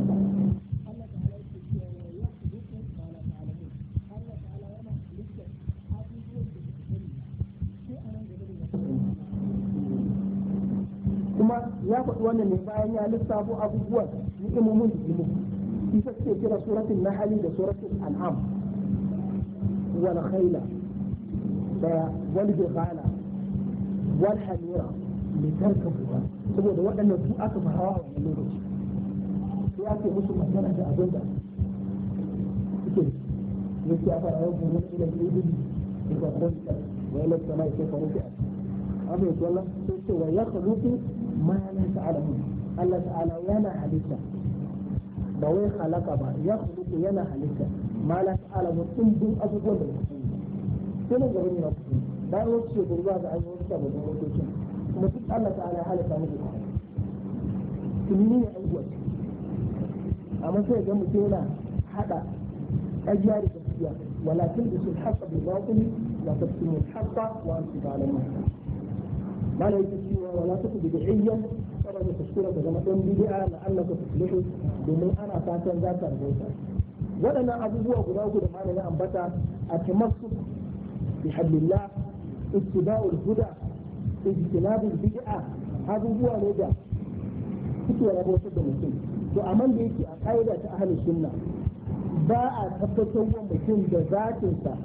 S1: kuma ya faɗi wannan ne bayan ya lissafo abubuwan ni'imomin jimu isa ce kira suratul nahali da suratul an'am wal khayla daya wal bighala wal hamira li tarkabuha saboda waɗannan su aka farawa a wannan lokaci sai ake musu magana da yake a fara yau gobe ila yudi da babban wa ila sama ke faru da amma yake Allah ma la ta'lamun Allah ta'ala yana halitta ba wai halaka ba yakhluqu yana halitta ma abubuwan da bayan wasu shekaru za ga an yi wasu sababbin motocin kuma duk Allah ta'ala halitta musu ilimi ne an abubuwa amma sai ga mutum yana haɗa ƙarya da gaskiya wala tun da sun haƙa da batil la tafsimu haƙa wa antum ta'lamun bala yake cewa wala taku bi da'iyyan kada ka kuskura ka zama ɗan bid'a la Allah ka tuslihu domin ana fatan za ta rubuta waɗannan abubuwa guda uku da malamin ambata a tamassu bi hablillah ittiba'ul huda ijtinabul bid'a abubuwa ne da suke rabotar da mutum to man da yake a ƙa'ida ta ahlus suna ba a tabbatar wa mutum da zatinsa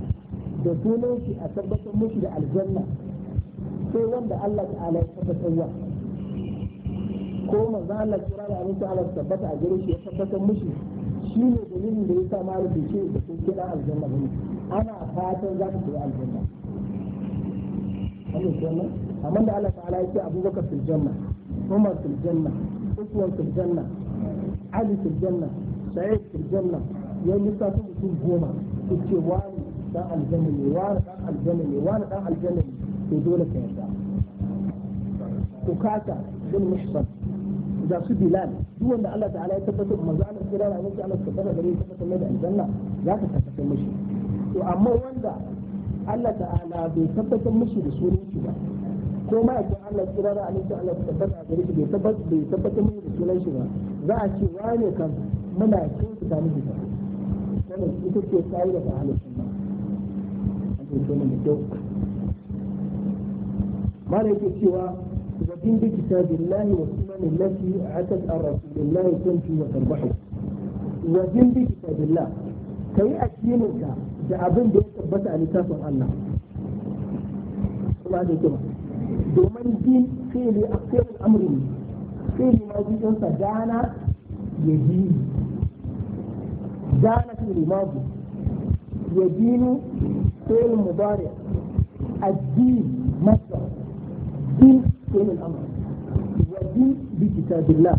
S1: da sunan shi a tabbatar mushi da aljanna sai wanda Allah ta'ala ya tabbatar wa ko manzo Allah kira abin tabbata a gare shi ya tabbatar mushi shi ne dalilin da ya sa ma ke da sun kira aljanna bane ana fatan za ku shiga aljanna Allah shi da Allah ta'ala ya ce abubakar fil janna umar fil janna usman fil janna ali fil janna sa'id fil janna ya lissafi mutum goma ya ce wani dan aljanna ne wani dan aljanna ne wani dan aljanna ne to dole ka yarda ukata bin mushfaq da su bilal duk wanda Allah ta'ala ya tabbatar manzo Allah kira da Allah ta'ala ya da aljanna za ka tabbatar to amma wanda Allah ta'ala bai tabbatar musu da sunan ba ko ma yakin Allah kira da alaihi Allah tabbata gare shi bai tabbata bai tabbatar musu da sunan ba za a ce wane kan muna cikin ta miji ba wannan ita ce sai da ahlus ba an ce mun da kyau mala yake cewa وإن بكتاب الله والسنن التي أتت عن رسول الله تنفي وتربحه وإن بكتاب الله كي أكينك da abin da ya tabbata a littafin Allah kuma da kuma domin din fili a fi'il amri ne fili ma jikin sa dana ya dini dana fili ma ya masa, din dini فعل مضارع الدين bi kitabillah,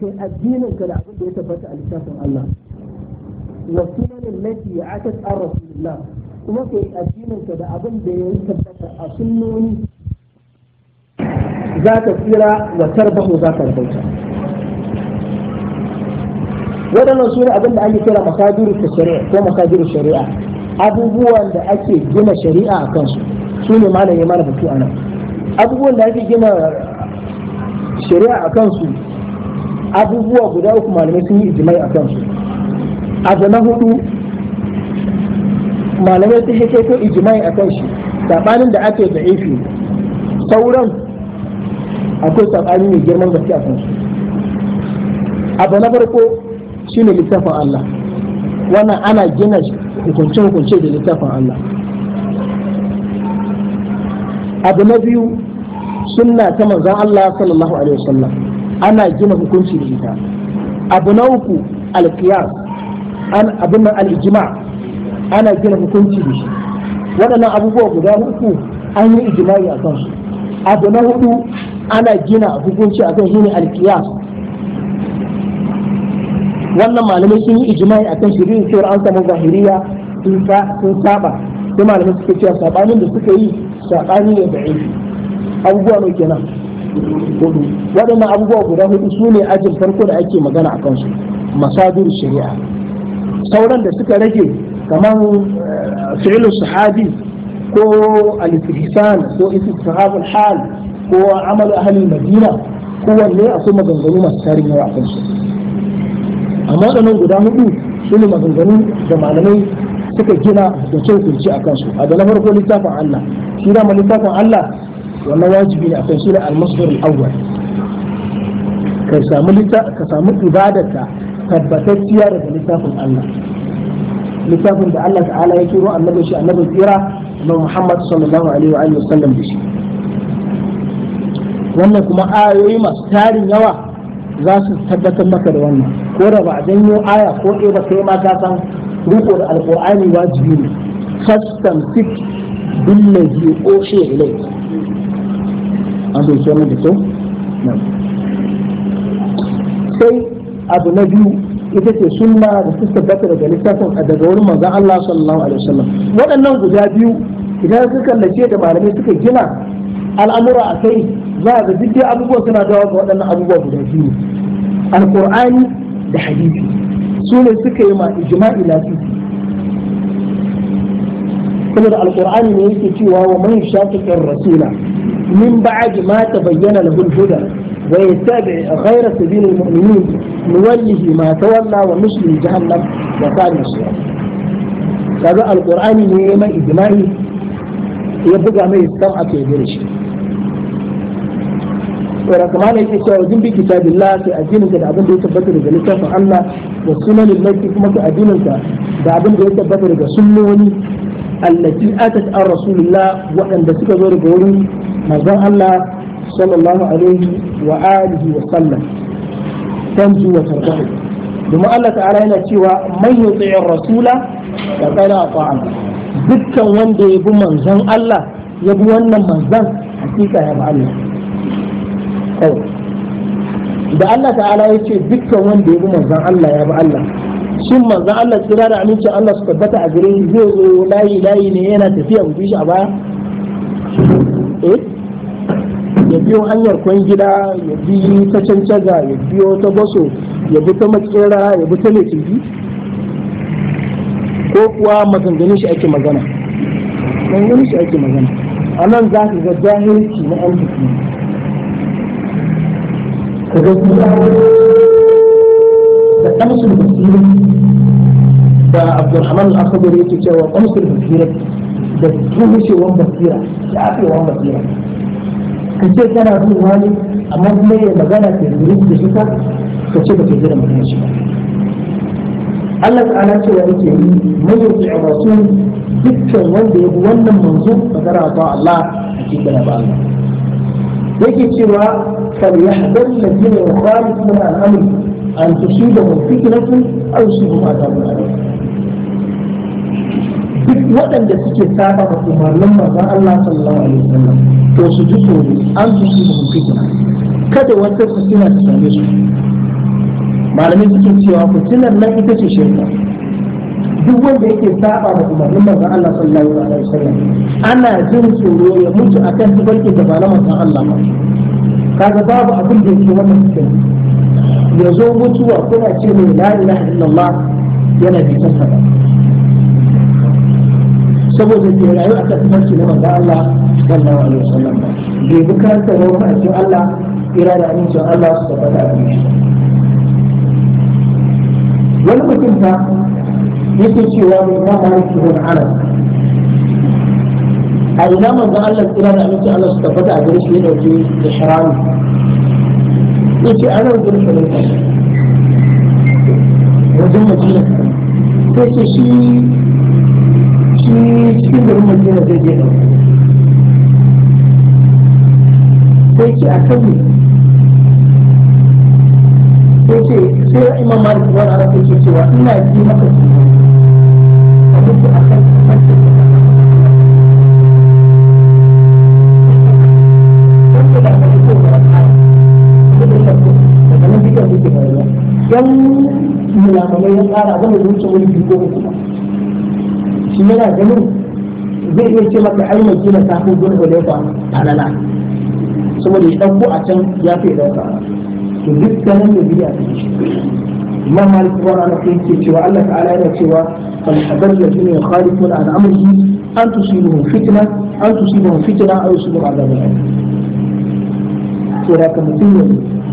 S1: kai addinin ka da abin da ya tabbata a littafin Allah. wa sunan allati atat ar rasulullah kuma kai addinin ka da abin da ya tabbata a sunnoni za ka tsira wa tarbahu za ka rabauta waɗannan su ne abin da ake kira masadiru shari'a ko masadiru shari'a abubuwan da ake gina shari'a a kansu su ne malam ya mana batu a nan abubuwan da ake gina shari'a a kansu abubuwa guda uku malamai sun yi ijimai a kansu abu na hudu malamai sun hake ko ijimai a kan shi saɓanin da ake da ifi sauran akwai saɓani mai girman gaske a kan su abu na farko ne littafin Allah wannan ana gina hukunce-hukunce da littafin Allah abu na biyu sunna ta manzan Allah sallallahu alaihi wasallam ana gina hukunci da ita abu na uku alkiyar an abin nan al'ijima ana gina hukunci da shi waɗannan abubuwa guda uku an yi ijimai a kansu abu na hudu ana gina hukunci a kan shine al-qiyas wannan malamai sun yi ijma'i akan shirin cewar an samu zahiriya sun saba sai malamai suka cewa sabanin da suka yi sabani ne da aiki abubuwa ne kenan waɗannan abubuwa guda hudu su ne ajin farko da ake magana a kansu masadir shari'a sauran da suka rage kamar eh, fi'lu sahabi ko al-istihsan ko istihabul hal ko amal ahli madina kowanne a kuma maganganu masu tarin yawa kan su amma waɗannan guda hudu su ne maganganu da malamai suka gina da cin kurci a kansu a da na farko littafin Allah shi da littafin Allah wannan wajibi ne kan shi da al-masdar al-awwal ka samu ibadata tabbatacciya daga littafin Allah littafin da Allah ta'ala ya turo annabi shi annabi tsira na Muhammad sallallahu alaihi wa alihi wasallam da shi wannan kuma ayoyi masu tarin yawa za su tabbatar maka da wannan ko da ba a janyo aya ko ɗaya ba sai ma ka san riko da alqur'ani wajibi ne billahi billazi shi ilai an bai kenan da na sai abu na biyu ita ce sunna da ta tabbata daga littafin daga wurin manzon Allah sallallahu alaihi wasallam waɗannan guda biyu idan ka kallace da malamai suka gina al'amura a kai za ga duk abubuwan suna dawo ga waɗannan abubuwa guda biyu alqur'ani da hadisi su ne suka yi ma ijma'i lafiya kuma da alqur'ani ne yake cewa wa man shaqiqir rasula min ba'd ma tabayyana lahu al-huda ويتبع غير سبيل المؤمنين نوله ما تولى ومشي جهنم وكان مشيئا هذا القرآن يما إجماعي يبقى ما يستمع في جريش ورقمان يكي سوزين بكتاب الله في انت دعبن بيت بطر إذا لسا فعلا وسنن الملك كما تأجين انت دعبن بيت بطر إذا سنوني التي أتت الرسول الله وأن بسك ذلك قولي مرضان الله sallallahu alaihi wa alihi wa sallam tanzu Allah ta'ala yana cewa man yuti'ir rasula fa qad ata'a dukkan wanda ya bi manzon Allah ya bi wannan ya da Allah ta'ala ya ce dukkan wanda ya bi manzan Allah ya bi Allah shin manzan Allah tsira da aminci Allah su tabbata a gare shi zai zo layi layi ne yana tafiya mu shi a baya eh ya biyo hanyar kwan gida ya bi ta cancaga ya biyo ta baso ya bi ta makera ya bi ta lekifi ko kuwa maganganun shi ake magana maganganun shi ake magana a nan za ka ga jahilci na yan ka ga da kamsul basira da abdulrahman al yake cewa kamsul basira da tushewar basira shafewar basira ka ce kana son wani amma kuma ya magana ke zuru da shi ka da ce ba ka zira magana shi Allah ta'ala cewa yake yi mai yake a wasu dukkan wanda ya wannan manzo magana ba Allah a cikin ba Allah yake cewa فليحذر الذين يخالفون عن امره ان تصيبهم فتنه او يصيبهم عذاب اليم duk waɗanda suke saba da umarnin manzon Allah sallallahu alaihi wasallam to su ji tsoro an su su mu fitina kada wata fitina ta same su malamai suke cewa fitinar nan ita ce shirka duk wanda yake saba da umarnin manzon Allah sallallahu alaihi wasallam ana jin tsoro ya mutu akan tabarki da ba na manzon Allah ba kaga babu abin da yake wannan fitina ya zo mutuwa kuna ce mai la ilaha illallah yana ta sa saboda ke rayuwa a kan tafarki na manzo Allah sallallahu alaihi wasallam bai bukatar da wani ma'aikin Allah ira da amincin Allah su tabbata a kan wani mutum fa yake cewa mai ma maliki bin anas a ina manzo Allah ira da amincin Allah su tabbata a gare shi ya dauke ihrami yace ana gurin shi wajen madina sai ce shi shi cikin garin madina zai je ɗauki sai ce a kan sai ce sai imam malik wani ala sai ce cewa ina ji maka su a duk a kan kwanci yan mulamalai ya tsara zama zuciya wani biyu ko kuma shi yana ganin zai iya ce maka ai mai gina ta kun gudu da ba alala saboda ya dauko a can ya fi dauka to dukkanin da biya ta shi imam malik wa ana kai ce cewa Allah ta'ala yana cewa fal hadar da jini khalifun an amri an tusibuhum fitna an tusibuhum fitna aw yusibuhum adabun to da kamar mutum ne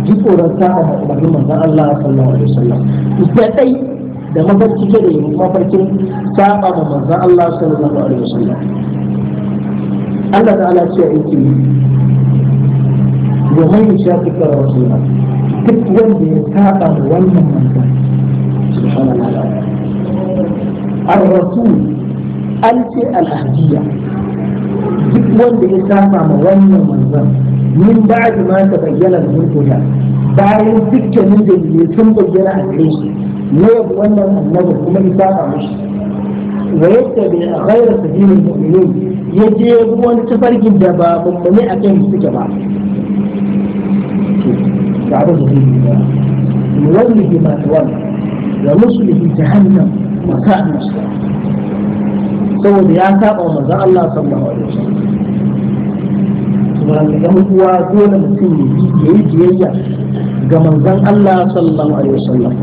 S1: ji tsoron sa'a da umarnin manzon Allah sallallahu alaihi wasallam sai da mafarki ke da mafarkin saba ma manzan Allah sallallahu alaihi wasallam Allah ta'ala ce yake wa man yushaqiqa rasula duk wanda ya saba wannan manzon subhanallah ar-rasul alfi al-ahdiyya duk wanda ya saba ma wannan manzan, min ba'd ma tabayyana al-huda bayan dukkanin da sun bayyana a gare shi يجب أن النبي كما يسامع مش ويتبع غير سبيل المؤمنين يجب أن تفرق الدبا ممنع كم سكبا تعرف نوله ما تولى ونصله جهنم مكان مصير saboda ya saba wa manzon Allah sallallahu alaihi wasallam saboda ga uwa dole mutum ya yi biyayya ga manzon Allah sallallahu alaihi wasallam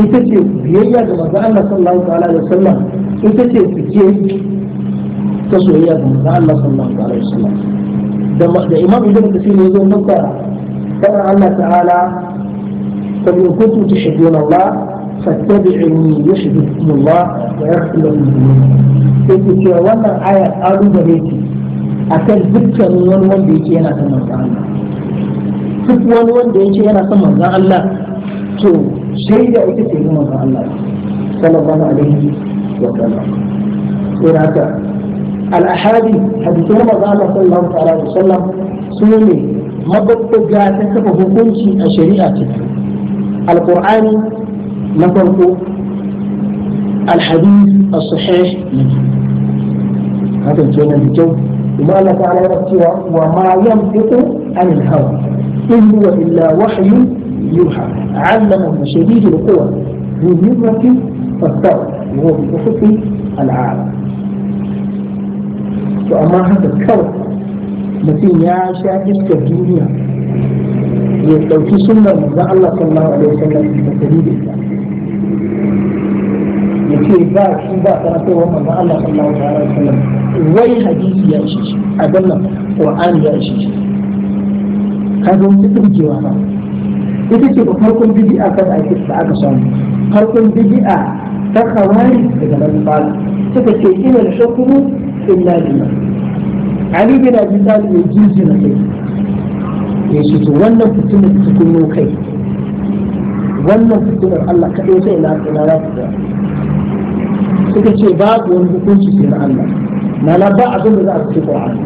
S1: ita ce biyayya ga maza Allah sallallahu alaihi wa wasallam ita ce fice ta soyayya ga maza Allah sallallahu alaihi wa sallam da imam ibn kasir ne zo maka kana Allah ta'ala fa in kuntum tushiduna Allah fattabi'uni yushdikum Allah wa yaghfir lakum sai ce wannan aya kalubale ce akan dukkan wani wanda yake yana son manzo Allah duk wani wanda yake yana son manzo Allah to شيء يأتي من الله صلى الله عليه وسلم هناك الأحادي حديث رمضان صلى الله عليه وسلم سنوني ما بدك جاتك بحكم شيء الشريعة القرآن نفرق الحديث الصحيح هذا الجنة الجو وما الله تعالى وما ينطق عن الهوى إن هو إلا وحي يوحى علمه شديد القوى من يدرك فاضطر وهو في افق العالم وأما هذا الكرب التي يا شاهد الدنيا هي في سنة من الله صلى الله عليه وسلم في تسليل الله يكي إذا كي إذا تركوا الله صلى الله عليه وسلم وي حديث يعيش أدنى وآل يعيش هذا هو تكبر جوانا ita ce ba farkon bid'a da ake da aka samu farkon bidi'a ta kawai daga nan fara suka ce ina da shakuru illa lalima ali bin abi talib ya na kai ya ce to wannan fitina ta kunno kai wannan fitinar Allah kaɗai sai na ina za ta suka ce babu wani hukunci sai na Allah na la ba abin da za a ce Qur'ani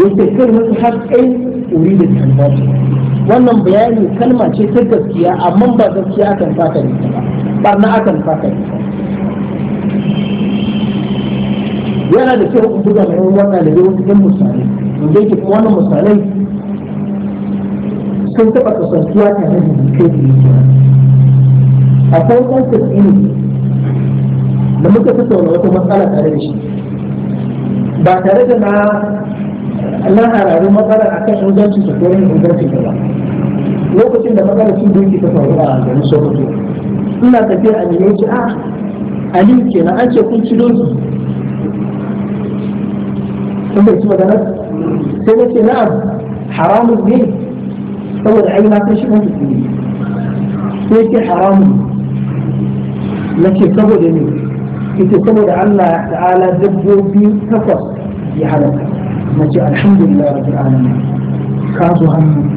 S1: yake kai wani haƙƙai uri da jihar wannan bayani kalma ce ta gaskiya amma ba gaskiya akan saka ne na akan saka ne yana da kyau in buga mai wannan da yau cikin misalai wanda yake kuma wannan misalai sun taɓa kasantuwa tare da jikai A yake akwai ɗan tasiri da muka tattauna wata matsala tare da shi ba tare da na na hararin a kan ingancin su ko yin ingancin ba lokacin da magana cin doki ta faru a garin sokoto ina tafiya a jini ce a ali ke na ake kun ci doki kun bai ci magana sai na ce na'am haramun ne saboda ai na san shi kan jiki sai ke haramun na ce saboda ne ita saboda Allah ta'ala dabbobi takwas ya halaka na ce alhamdulillah rabbil alamin ka zo hannu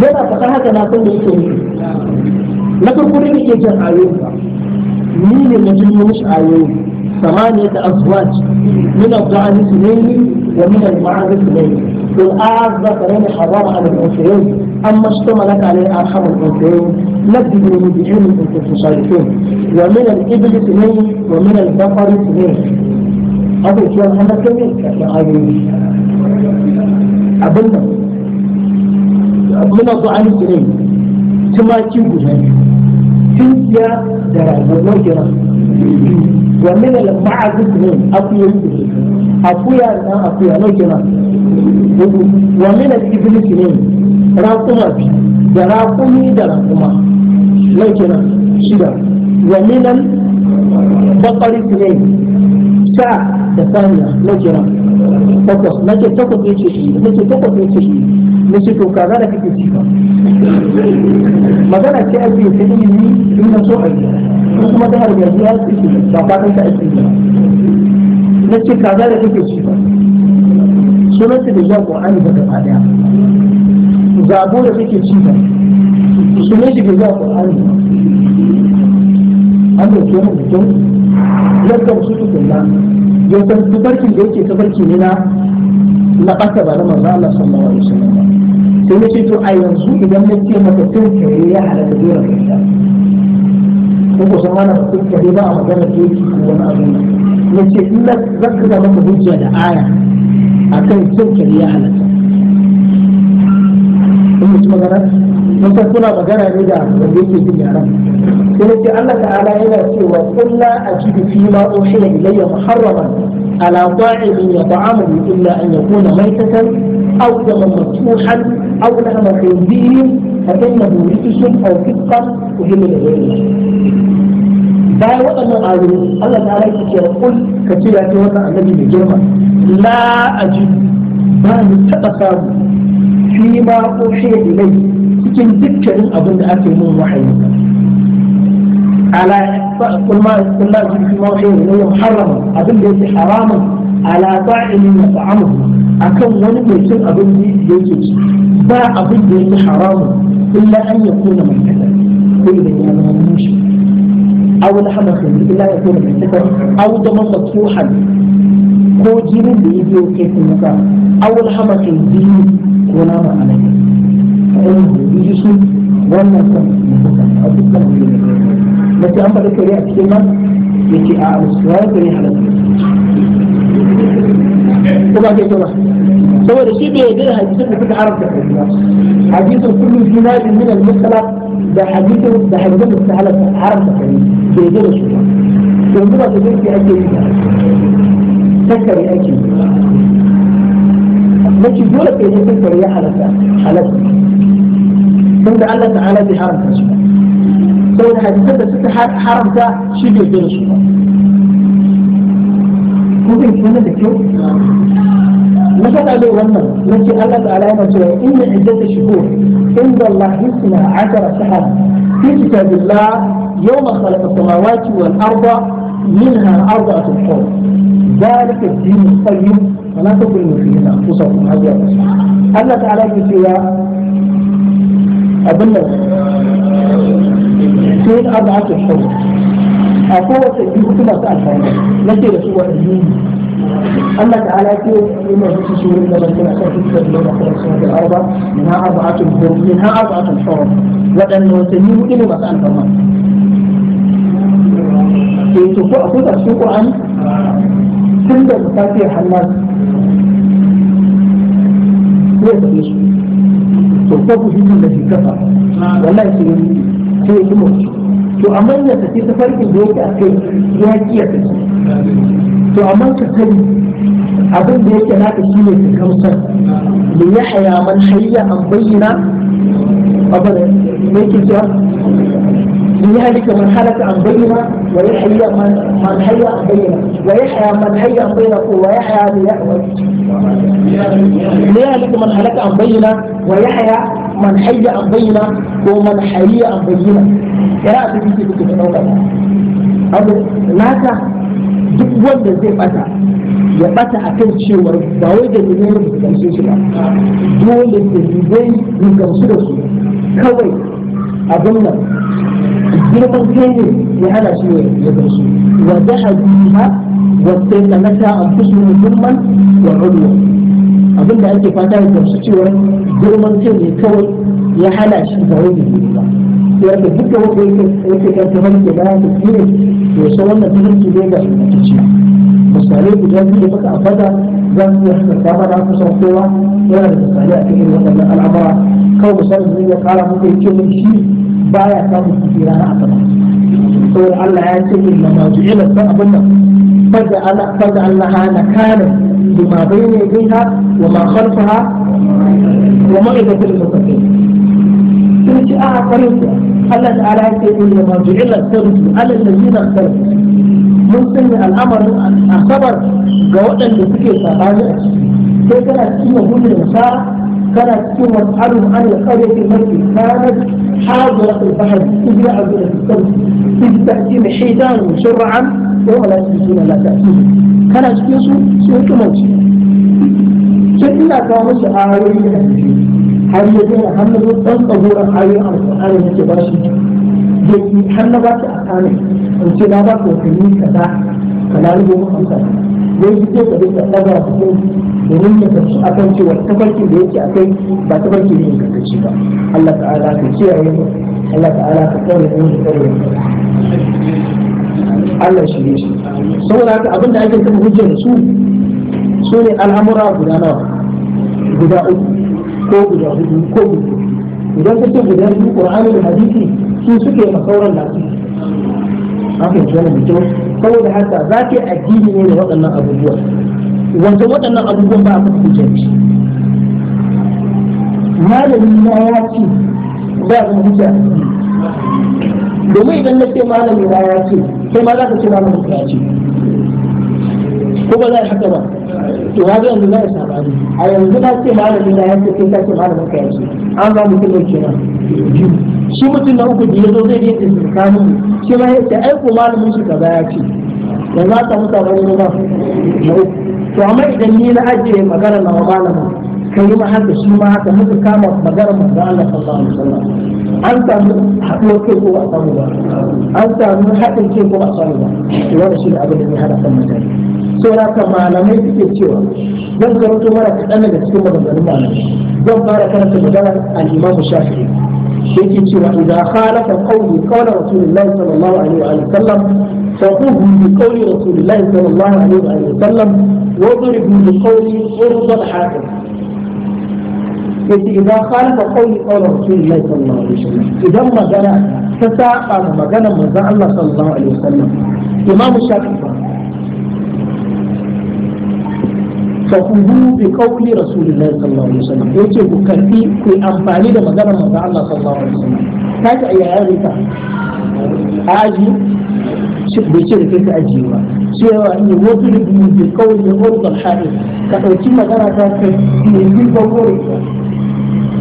S1: yana faɗa haka na san da yake yi na farko da yake jan ayoyin ni ne na jin mishi ayoyin ثمانية أزواج من الضأن اثنين ومن المعاذ اثنين والآذ ذكرين حرام على الأنثيين أما اشتملت عليه أرحم الأنثيين نبذوا بعلم إن كنتم صادقين ومن الإبل اثنين ومن البقر اثنين أبو جوان هذا كمين كأي abin nan muna so an kire tumaki guda biyu tunkiya da rago kenan wa min al ma'azif ne akuya akuya nan akuya na kenan wa min al iblis ne raƙuma biyu da raƙumi da raƙuma na kenan shida wa min al bakari ne sa da saniya ne kenan takwas na ce takwas ya ce shi na ce takwas ya ce shi na ce to kaza da kake ci ba magana ce ake ta ilimi in na so a yi ko kuma ta harbe ya ce shi ba fatan ta ake ba na ce kaza da kake ci ba sunan ta da zuwa Qur'ani ba gaba daya zabo da kake ci ba sunan shi da zuwa Qur'ani an da ke mu da kyau lakar su tukunna don san barkin da yake barki ne na na ɓata ba na manzo Allah sallallahu alaihi wasallam sai na ce to a yanzu idan na ce maka tun kare ya halaka dole ka ita ko ko sama na tun kare ba a magana ke yake ko wani abu na ce in na zaka da maka hujja da aya akan tun kare ya halaka in mutum magana mun san kuna magana ne da wanda yake jin yaran sai ce Allah ta'ala yana cewa kulla ajidu fi ma uhiya ilayya muharraman ala ta'imin yata'amu illa an yakuna maitatan aw daman masfuhan aw lahma khinzirin fa innahu rijsun aw fisqan da ilayhi bayan waɗannan ayoyi Allah ta'ala yake cewa kul ka ce ya ce wannan annabi mai girma la ajidu ba ni taɓa samu fi ma uhiya ilayya cikin dukkanin abin da ake yi mun wahayi على كل ما كل ما في موحي إليه محرم أبن ليس حراما على طاعم يطعمه أكون ولم يكن أبن ليس با أبن ليس حراما إلا أن يكون محتكرا إلا أن يكون أو لحم خنزير إلا يكون محتكرا أو دم مفتوحا ko jinin da ya biyo kai kun maka awul hamakin biyu ko nama alai a irin da su wannan son a dukkan na ce an faɗi kare a cikin nan ya ce a musuwar kare halatta ko ba ke ba saboda shi da yadda hadisin da suka haramta kare ba hadisin kullu dinari min al-musala da hadisin da hadisin da suka halatta haramta kare da yadda da su yanzu ba ta zai ake yi ba takkare ake yi na ci dole kai ne takkare ya halatta halatta من ده الله تعالى دي حرم كاسو سوى ده حديثة ده ستة حرم كا شيء يجيل شو ممكن كنا دكتور مثلا لو قلنا نسي الله تعالى ما سوى إن عدة شهور إن الله يسمى عشر سحر في كتاب الله يوم خلق السماوات والأرض منها أربعة حور ذلك الدين القيم فلا تكونوا فيه أنفسكم عزيزي الله تعالى يقول abin nan sai na abu ake shuru a kowace biyu kuma su alfahari na تعالى يقول لما في سورة لما كنا سنتكلم لما كنا سنة الأربع منها أربعة حرم منها أربعة حرم وأن نتنيه إلى ما سأل كي إيه، تقول أخذ السوق عن كل ذاتي حلال ليس بيسوي babban hujjar da shi kafa wallahi sai ya sai ya kuma to amma ya tafi ta farkin da yake akai ya ki ya tafi to amma ka kai abin da yake naka shi ne ka kamsar da ya haya man hayya an bayyana abin da yake cewa لذلك من هلك عن بينه ويحيى من من حي عن بينه ويحيى من حي عن بينه ويحيى ليحوى ليهلك من هلك عن بينه ويحيى من حي عن بينه ومن حي عن بينه قراءة تجي في كتاب أبو ناسا duk wanda zai bata ya bata a kan cewar ba wai da ne ne da gamsu shi ba dole da zai yi gamsu da su kawai abin nan girman kai ne ya hana shi ya gamsu wa jahadu ha واستيقنتها أنفسهم ظلما وعلوا أظن da ake fata ya gamsu cewa girman kai ne kawai ya hana shi ba wani ne duka wanda yake kan tafarki da ya tafi to sai wannan tafarki ne ga ingantacciya misalai guda biyu da muka ambata za su iya haskaka da kusan kowa yana da misali a cikin waɗannan al'amura kawai misalin zai ya kara muku ya mun shi baya samun kifi rana a saboda Allah ya ce inna ma ju'ila sa'abun nan فجعل فجعلها نكالا لما بين يديها وما خلفها وموعظة للمتقين. ترجع قريبا الله تعالى يقول لما جعل الثلج على الذين اختلفوا mun sanya al'amarin asabar ga waɗanda suke sabani a ciki sai kana cikin hudu da musara كانت سورة عدم عن القرية الملك كانت حاضرة البحر إذ يعبد في الكون إذ تأتي محيطا مسرعا وهم لا يجلسون لا تأتيه كانت في سورة موت شكلنا كانت آية har ya zai hannu zo ɗan tsagoran ayoyin alƙur'ani yake ba shi yake hannu ba ta akane in ce na ba ka wakilin kaza kana rubo amsa zai yi domin ta tafi akan cewa tafarkin da yake a kai ba tafarki ne ingantacce ba Allah ta'ala ka kiyaye mu Allah ta'ala ka kare mu da kare Allah shi ne shi saboda haka abin da ake tafi hujjar su su ne al'amura guda nawa guda uku ko guda hudu ko guda idan ka ce guda biyu qur'ani da hadisi su suke masauran lafiya haka yana da kyau saboda haka za ka yi addini ne da waɗannan abubuwan. wanda waɗannan abubuwan ba a kuma hujja da shi
S2: malami na ya ce ba a hujja
S1: domin idan na ce malami na ya ce sai ma za ka ce malami na ya ce ko ba za a haka ba to ya ga yanzu za a sabari a yanzu na ce malami na ya ce sai ka ce malamin ka ya ce an za ne ke nan shi mutum na uku biyu ya zo zai yi tsakanin shi ma ya ce aiko malamin shi za ya ce yanzu aka mutu a wani ba na uku to amma idan ni na ajiye magana na malama kai ma haka shi ma haka muka kama magana mu, manzo Allah sallallahu alaihi wasallam an samu haɗuwar kai ko a samu ba an samu haɗin kai ko a samu ba to wannan shi ne abin da ya hada kan mutane saboda ka malamai suke cewa zan karanto mara kaɗan daga cikin maganganun malamai zan fara karanta maganar al-Imam Shafi'i yake cewa idan khalafa qawli qawla rasulillahi sallallahu alaihi wa sallam fa qulu bi qawli rasulillahi sallallahu alaihi wa sallam واضربوا لقولي عرض الحاكم yace idan khalafa qawli qawla rasulillahi sallallahu alaihi wasallam idan magana ta saba da magana manzon Allah sallallahu alaihi wasallam imamu shafi'i fa kudu bi qawli rasulillahi sallallahu alaihi wasallam yace ku karbi ku amfani da magana manzon Allah sallallahu alaihi wasallam kaji ayyarika aji shi da kai ka ajiye cewa ne wasu da biyu bil kawai da wurgar haɗe ka ɗauki magana ta kai ne yi gwagwari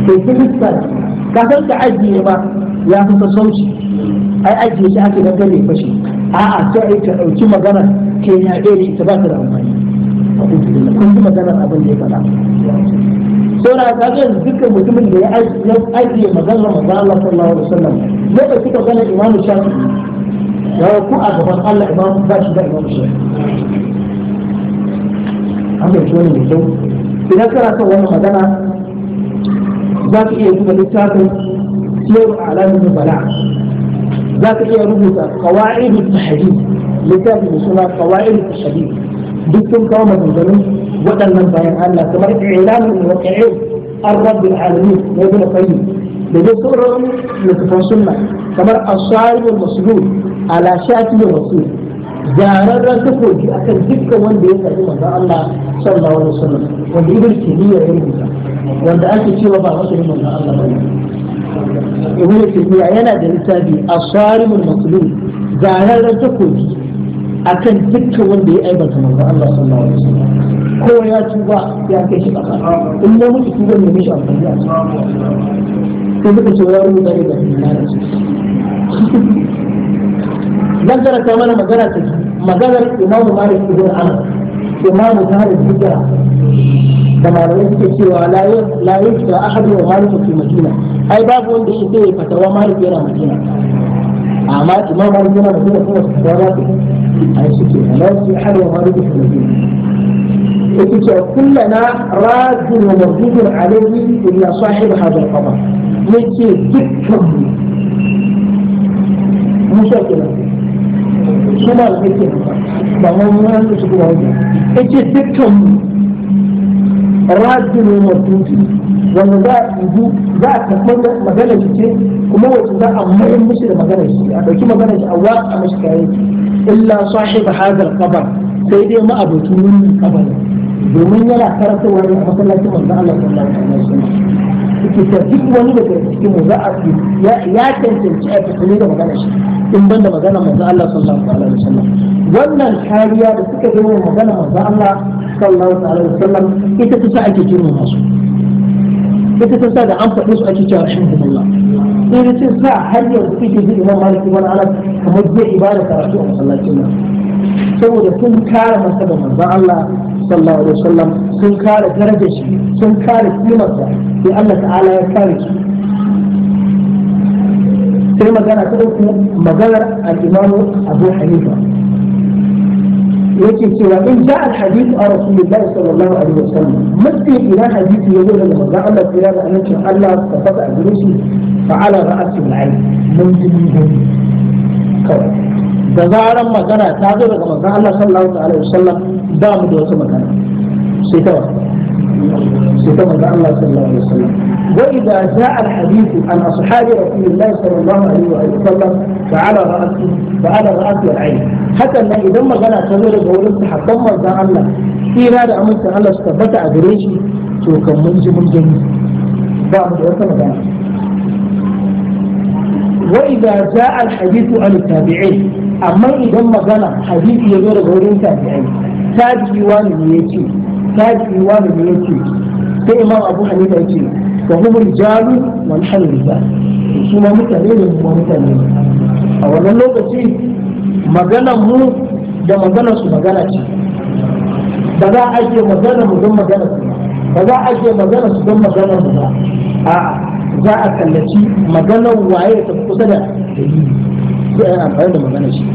S1: kai kiristan ka san ka ajiye ba ya fi ta sauci ai ajiye shi ake don gane fashi a'a sai ka ɗauki magana ke ya ɗere ita ba ta da amfani kun ji maganar abin da ya faɗa saura ta ga dukkan mutumin da ya ajiye magana manzo Allah sallallahu alaihi wasallam lokacin da kana imamu shafi'i da ku a gaban Allah imam ba shi da imam shi amma shi wani mai kyau idan kana son wannan magana za ka iya duba littafin siyar alamin bala za ka iya rubuta qawaidul tahdid littafin da suna qawaidul tahdid duk sun kawo maganganun waɗannan bayan Allah kamar ilamin waqi'i الرب العالمين وابن القيم بدون سورة لتفاصلنا كمان الصائب المسجود ala shafi rasul zararren takobi akan dukkan wanda ya sami manzon Allah sallallahu alaihi wasallam wanda ibn taymiya ya rubuta wanda ake cewa ba masa yin manzon Allah ba ibn taymiya yana da littafi asarimul maslul zararren a akan dukkan wanda ya aibata manzon Allah sallallahu alaihi wasallam ko ya tuba ya kai shi kasa in mutu tuba ne mishi amfani a cikin sai suka ce ya rubuta ne da نذكر كمان مجالة مجالة إمام مالك بن أنس إمام سهل الهجرة كما رأيت كثيرا لا لا يفتى أحد ومالك في المدينة أي باب عندي إيه فتوى مالك في المدينة أما إمام مالك في المدينة هو استخبارات أي شيء لا يفتى أحد ومالك في المدينة إذا كلنا راد وموجود عليه إلا صاحب هذا القبر نجي جدا مشاكل su ba su ke ba ma mun an su kuma wani yace dukkan rajulu mardudu wanda za a dubu za a karɓar maganar shi ce kuma wacce za a mayar mishi da magana shi a dauki magana shi a watsa mishi kayan illa sahib hadal qabar sai dai ma abutun wannan qabar domin yana karantarwa ne a masallacin manzo Allah sallallahu alaihi wasallam suke tafi duk wani daga cikin mu za a ya cancanci a tafiye da magana shi in banda magana manzo Allah sallallahu alaihi wasallam wannan kariya da suka yi wa magana manzo Allah sallallahu alaihi wasallam ita ta sa ake kirma masu ita ta sa da an faɗi su ake cewa alhamdulillah sai Ina ce sa har yau suke ji imam maliki wani anas kamar zai ibada karatu a masallacin nan saboda sun kare masa da manzo Allah sallallahu alaihi wasallam sun kare darajar shi sun kare kimarsa في الله تعالى يكاري في مجال أتدرك مجال الإمام أبو حنيفة يجب سوى إن جاء الحديث على رسول الله صلى الله عليه وسلم مثل إلى حديث يقول لما جاء الله في هذا أن يجب الله تفضع جلوسه فعلى رأس العين من جميعه da zaran ما ta zo daga الله صلى الله عليه وسلم دام mu da wata ستم الله صلى الله عليه وسلم وإذا جاء الحديث عن أصحاب رسول الله صلى الله عليه وسلم فعلى رأسه فعلى رأس العين حتى أن إذا ما جاء سمير بقول استحق ما جاء الله في رأي أمر الله استبت أجريش توكم من جمل جميل بعض الوقت وإذا جاء الحديث عن التابعين أما إذا ما جاء حديث يدور بقول التابعين تابعي وان يجي tabi'i da ne yace sai imam abu hanifa yace wa hum rijalu wa nahnu rijal su ma mutane ne mu mutane ne a wannan lokaci maganar mu da maganar su magana ce ba za a ake magana mu don magana su ba za a ake magana su don magana mu ba a za a kallaci maganar waye ta kusa da dalili sai a yi amfani da maganar shi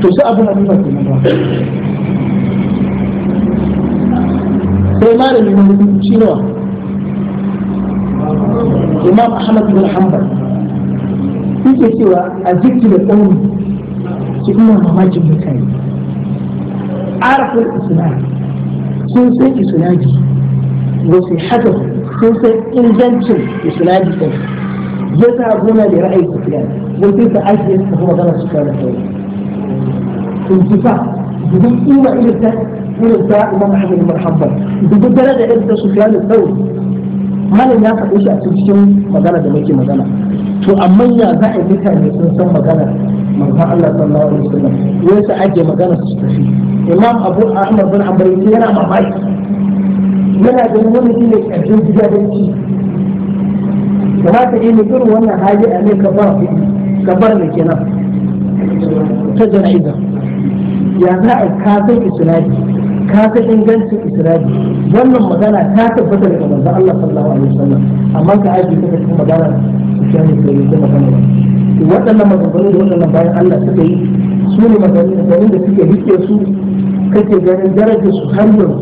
S1: to sai abu hanifa ke nan ba sai malami na hudu shi nawa imam ahmad bin hanbal yake cewa a jiki da ƙauri su ina mamakin mutane arafin islam sun san isnadi wasu haka sun san ingancin isnadi ɗin يذهبون لرأي سفيان وكيف أجلس هو غلط سفيان الثوري انتفاع بدون قيمة إلى irin ta Imam Ahmad bin Hanbal duk dare da Ibn Sufyan al-Thawri malam ya faɗi shi a cikin magana da muke magana to amma ya za a mutane sun san magana manzon Allah sallallahu alaihi wasallam yasa ake magana su tafi Imam Abu Ahmad bin Hanbal yana mamaki yana da wani shi ne ƙarshen gidadanci kamata ne irin wannan hali a ne ka fara ka bar ne kenan ta jana'iza ya za a isnadi ka ta ingancin isra'ila. wannan magana ta tabbata daga manzon Allah sallallahu alaihi wasallam amma ka aji ta cikin magana sufyan ibn ko magana to waɗannan maganganu da waɗannan bayan Allah suka yi su ne maganganun da suke rike su kake ganin darajar su har yanzu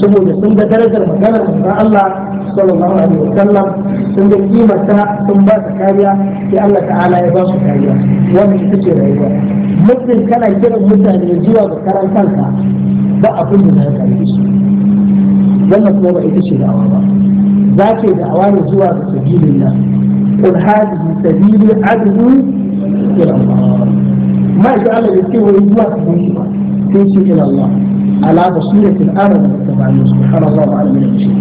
S1: saboda sun ga darajar magana da Allah sallallahu alaihi wasallam sun ga kimarta sun ba ta kariya sai Allah ta'ala ya ba su kariya wannan ita ce rayuwa mutum kana kiran mutane zuwa ga karan ba abin da ya karfi su wannan kuma ba ita ce da awa ba za ke da'awa ne zuwa ga sabilin nan Kun qul hadhihi sabili adu ila Allah ma sha Allah ya ce wai zuwa sabilin ba sai ce ila Allah ala basiratil arab da tabani subhanallahi wa alamin mushrik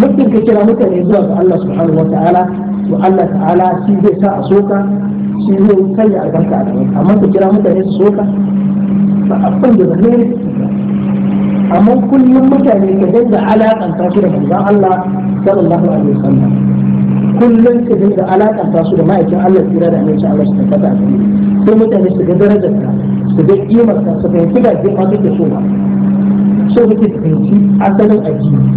S1: mutum ka kira mutane zuwa ga Allah subhanahu wa to Allah ta'ala shi zai sa a soka shi zai sanya albarka a gaba amma ka kira mutane su soka ba abin da ba ne amma kullum mutane ka dinga alaƙanta su da manzon Allah sallallahu alaihi wasallam kullum ka dinga alaƙanta su da ma'aikin Allah tsira da annabi Allah su a sai mutane su ga darajar ka su ga kimar ka su fahimci zai ma suke so ba so kake fahimci asalin addini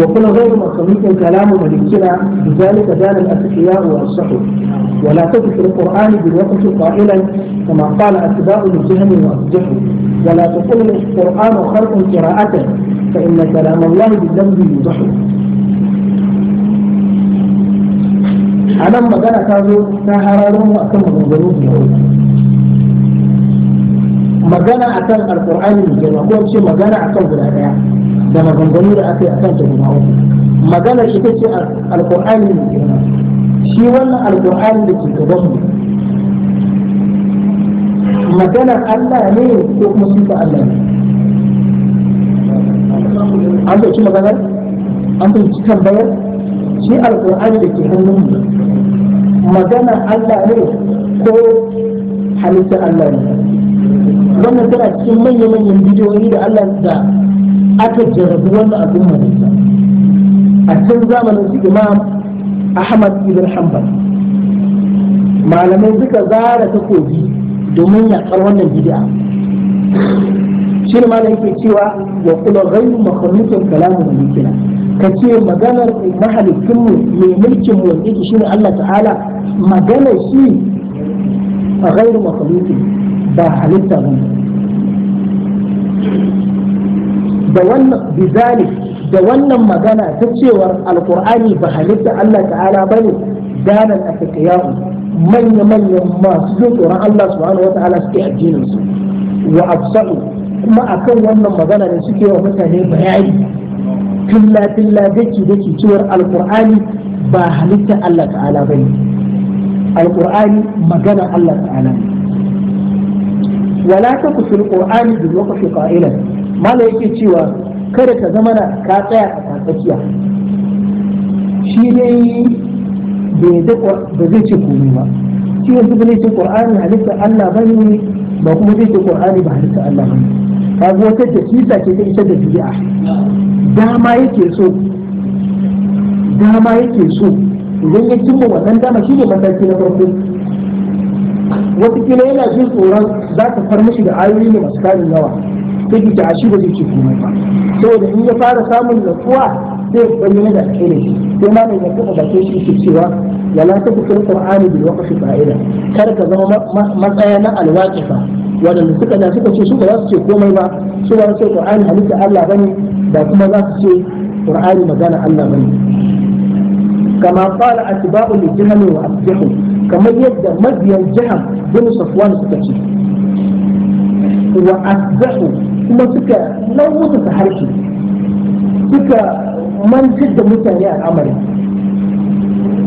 S1: وكل غير مقصود كلام ملكنا بذلك دان الأتقياء والصحو ولا تدرك القرآن بالوقت قائلا كما قال أتباع الجهم والجحر ولا تقل القرآن خلق قراءته فإن كلام الله بالذنب يضحي أنا ما كازو تهرارون وأكم مغنزلون في الأولى magana akan alkur'ani mai girma ko شيء magana akan guda daya da maganganu da aka yi a kan ta guda uku magana shi ta ce alƙur'ani ne shi wannan alƙur'ani da ke gaban mu maganar Allah ne ko kuma sifa Allah ne an ci maganar an kan bayan shi alƙur'ani da ke hannun mu maganar Allah ne ko halittar Allah ne wannan tana cikin manya-manyan bidiyoyi da Allah da aka jarabi wannan al'umma da a can zamanin su imam ahmad ibn hanbal malamai suka zara takobi domin yaƙar wannan bid'a shi ne malam yake cewa wa kula ghayru makhluqin kalamu malikina ka ce maganar mahalikin mu mai mulkin mu yake Allah ta'ala maganar shi a ghayru makhluqin ba halitta ba da wannan da wannan magana ta cewar alkur'ani ba halitta Allah ta'ala bane danan atqiyahu manya manyan masu jin tsoron Allah subhanahu ta'ala suke addinin su wa absaru kuma akan wannan magana ne suke wa mutane bayani filla filla daki daki cewar alkur'ani ba halitta Allah ta'ala bane alkur'ani magana Allah ta'ala ne ولا تقف القرآن بالوقف قائلا mala yake cewa kada ka zama na ka tsaya a tsakiya shi dai ba zai ce komai ba shi yanzu ba zai ce qur'ani halitta Allah ba ne, ba kuma zai ce qur'ani ba halitta Allah ba ka ga wata dakisa ce ta ita da bid'a dama yake so dama yake so idan ya cimma wannan dama shi ne mataki na farko wata kila yana jin tsoron za ta far mishi da ayoyi ne masu karin yawa take ta shi ba zai ci kuma ba saboda in ya fara samun natsuwa sai bayyana da alheri sai ma mai nakasa da ke shi cewa wala ta fitar qur'ani bil waqfi qa'ida kar ka zama matsaya na alwaqifa wadanda suka da suka ce su ba za su ce komai ba su ba su qur'ani halitta Allah bane ba kuma za su ce qur'ani magana Allah bane kama qala atba'u li jahannam wa asjahu kamar yadda mabiyan jihar bin safwan suka ce wa asjahu kuma suka lauta ta harki, suka mantar da mutane a amari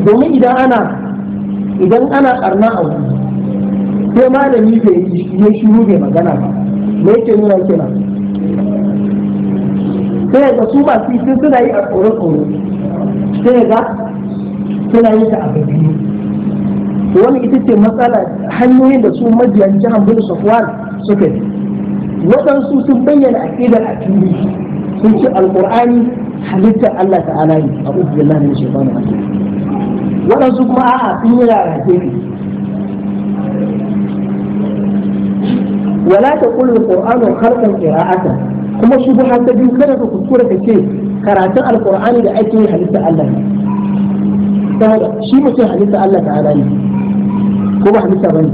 S1: domin idan ana idan ana karna a wuri sai malami bai ya shiru bai magana ba me yake nuna kenan sai ga su ba su suna yi a tsoro tsoro sai ga suna yi ta a biyu wani ita ce matsala hanyoyin da su majiyar jihar bin safwan suka yi waɗansu sun bayyana aƙidar a fili sun ce alƙur'ani halittar Allah ta'ala ne a ubi Allah ne shaitan da waɗansu kuma a'a sun yi rarrafe ne wala ta kullu alqur'anu khalqan qira'atan kuma shubha ta biyu kada ka kuskura ka ce karatun alqur'ani da ake yi halittar Allah ne saboda shi mutum halittar Allah ta'ala ne ko ba halitta ba ne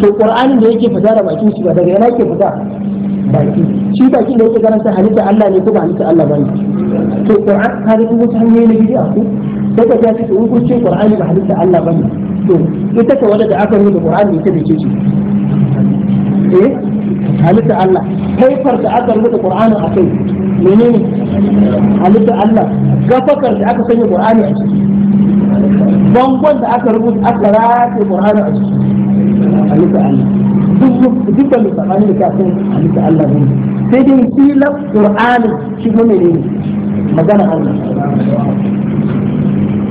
S1: to qur'anin da yake fita da bakin shi ba daga yana ke fita baki shi baki ne yake karanta halitta Allah ne ko ba halitta Allah bane to Qur'an ka ga wasu hanyoyi na bid'a ko sai ka ta ce in kun ce Qur'ani ba halitta Allah bane to ita ce wanda da aka rubuta Qur'ani ita da ce ce eh halitta Allah kaifar da aka rubuta Qur'ani a kai menene halitta Allah gafakar da aka sanya Qur'ani a ciki bangon da aka rubuta aka rataye Qur'ani a ciki halitta Allah duk dukkan littafani da kafin halitta Allah ne sai dai kila qur'ani shi kuma ne magana Allah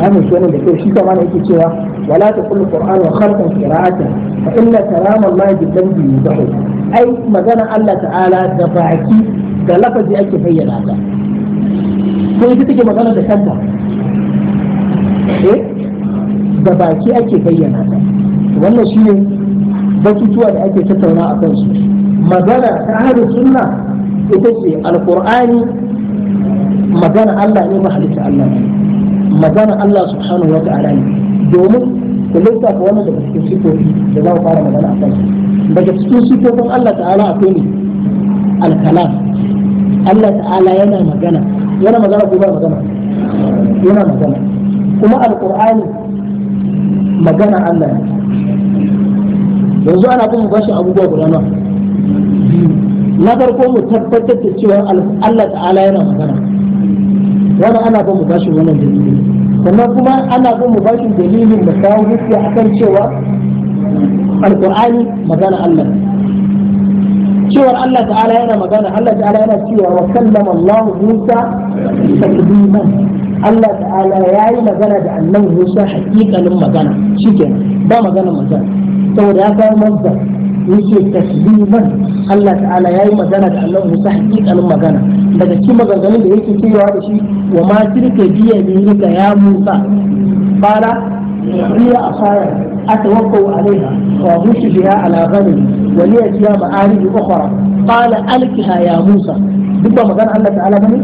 S1: hannun shi da kyau shi kama da yake cewa wala ta kullu qur'an wa khalqan qira'ata fa inna kalam Allah bi dambi yuzahu ai magana Allah ta'ala da baki da lafazi ake bayyana ta ko ita take magana da kanta eh da baki ake bayyana ta wannan shi ne. batutuwa da ake tattauna a kansu magana ta ahlus sunna ita ce alqur'ani magana Allah ne ba halitta Allah ne magana Allah subhanahu wa ta'ala ne domin ku lissafa wannan daga cikin sifofi da za mu fara magana a kansu daga cikin sifofin Allah ta'ala akwai ne alkalam Allah ta'ala yana magana yana magana ko ba magana yana magana kuma alqur'ani magana Allah ne yanzu ana bin bashin abubuwa guda nawa na farko mu tabbatar da cewa Allah ta'ala yana magana wani ana bin bashin wannan dalili sannan kuma ana bin bashin dalilin da kawo hujja akan cewa alqur'ani magana Allah cewar Allah ta'ala yana magana Allah ta'ala yana cewa wa kallama Allah Musa takliman Allah ta'ala yayi magana da annan Musa hakikalin magana shikenan ba magana magana saboda ya kawo manzan yake tasbiman Allah ta'ala ya yi magana da Allah Musa hakikalin magana daga cikin maganganun da yake cewa da shi wa ma tilka biya ne ga ya Musa bara riya asaya atawakkau alaiha wa mushi biya ala ghani wa liya biya ma'arij ukhra qala alkiha ya Musa duk ba magana Allah ta'ala bane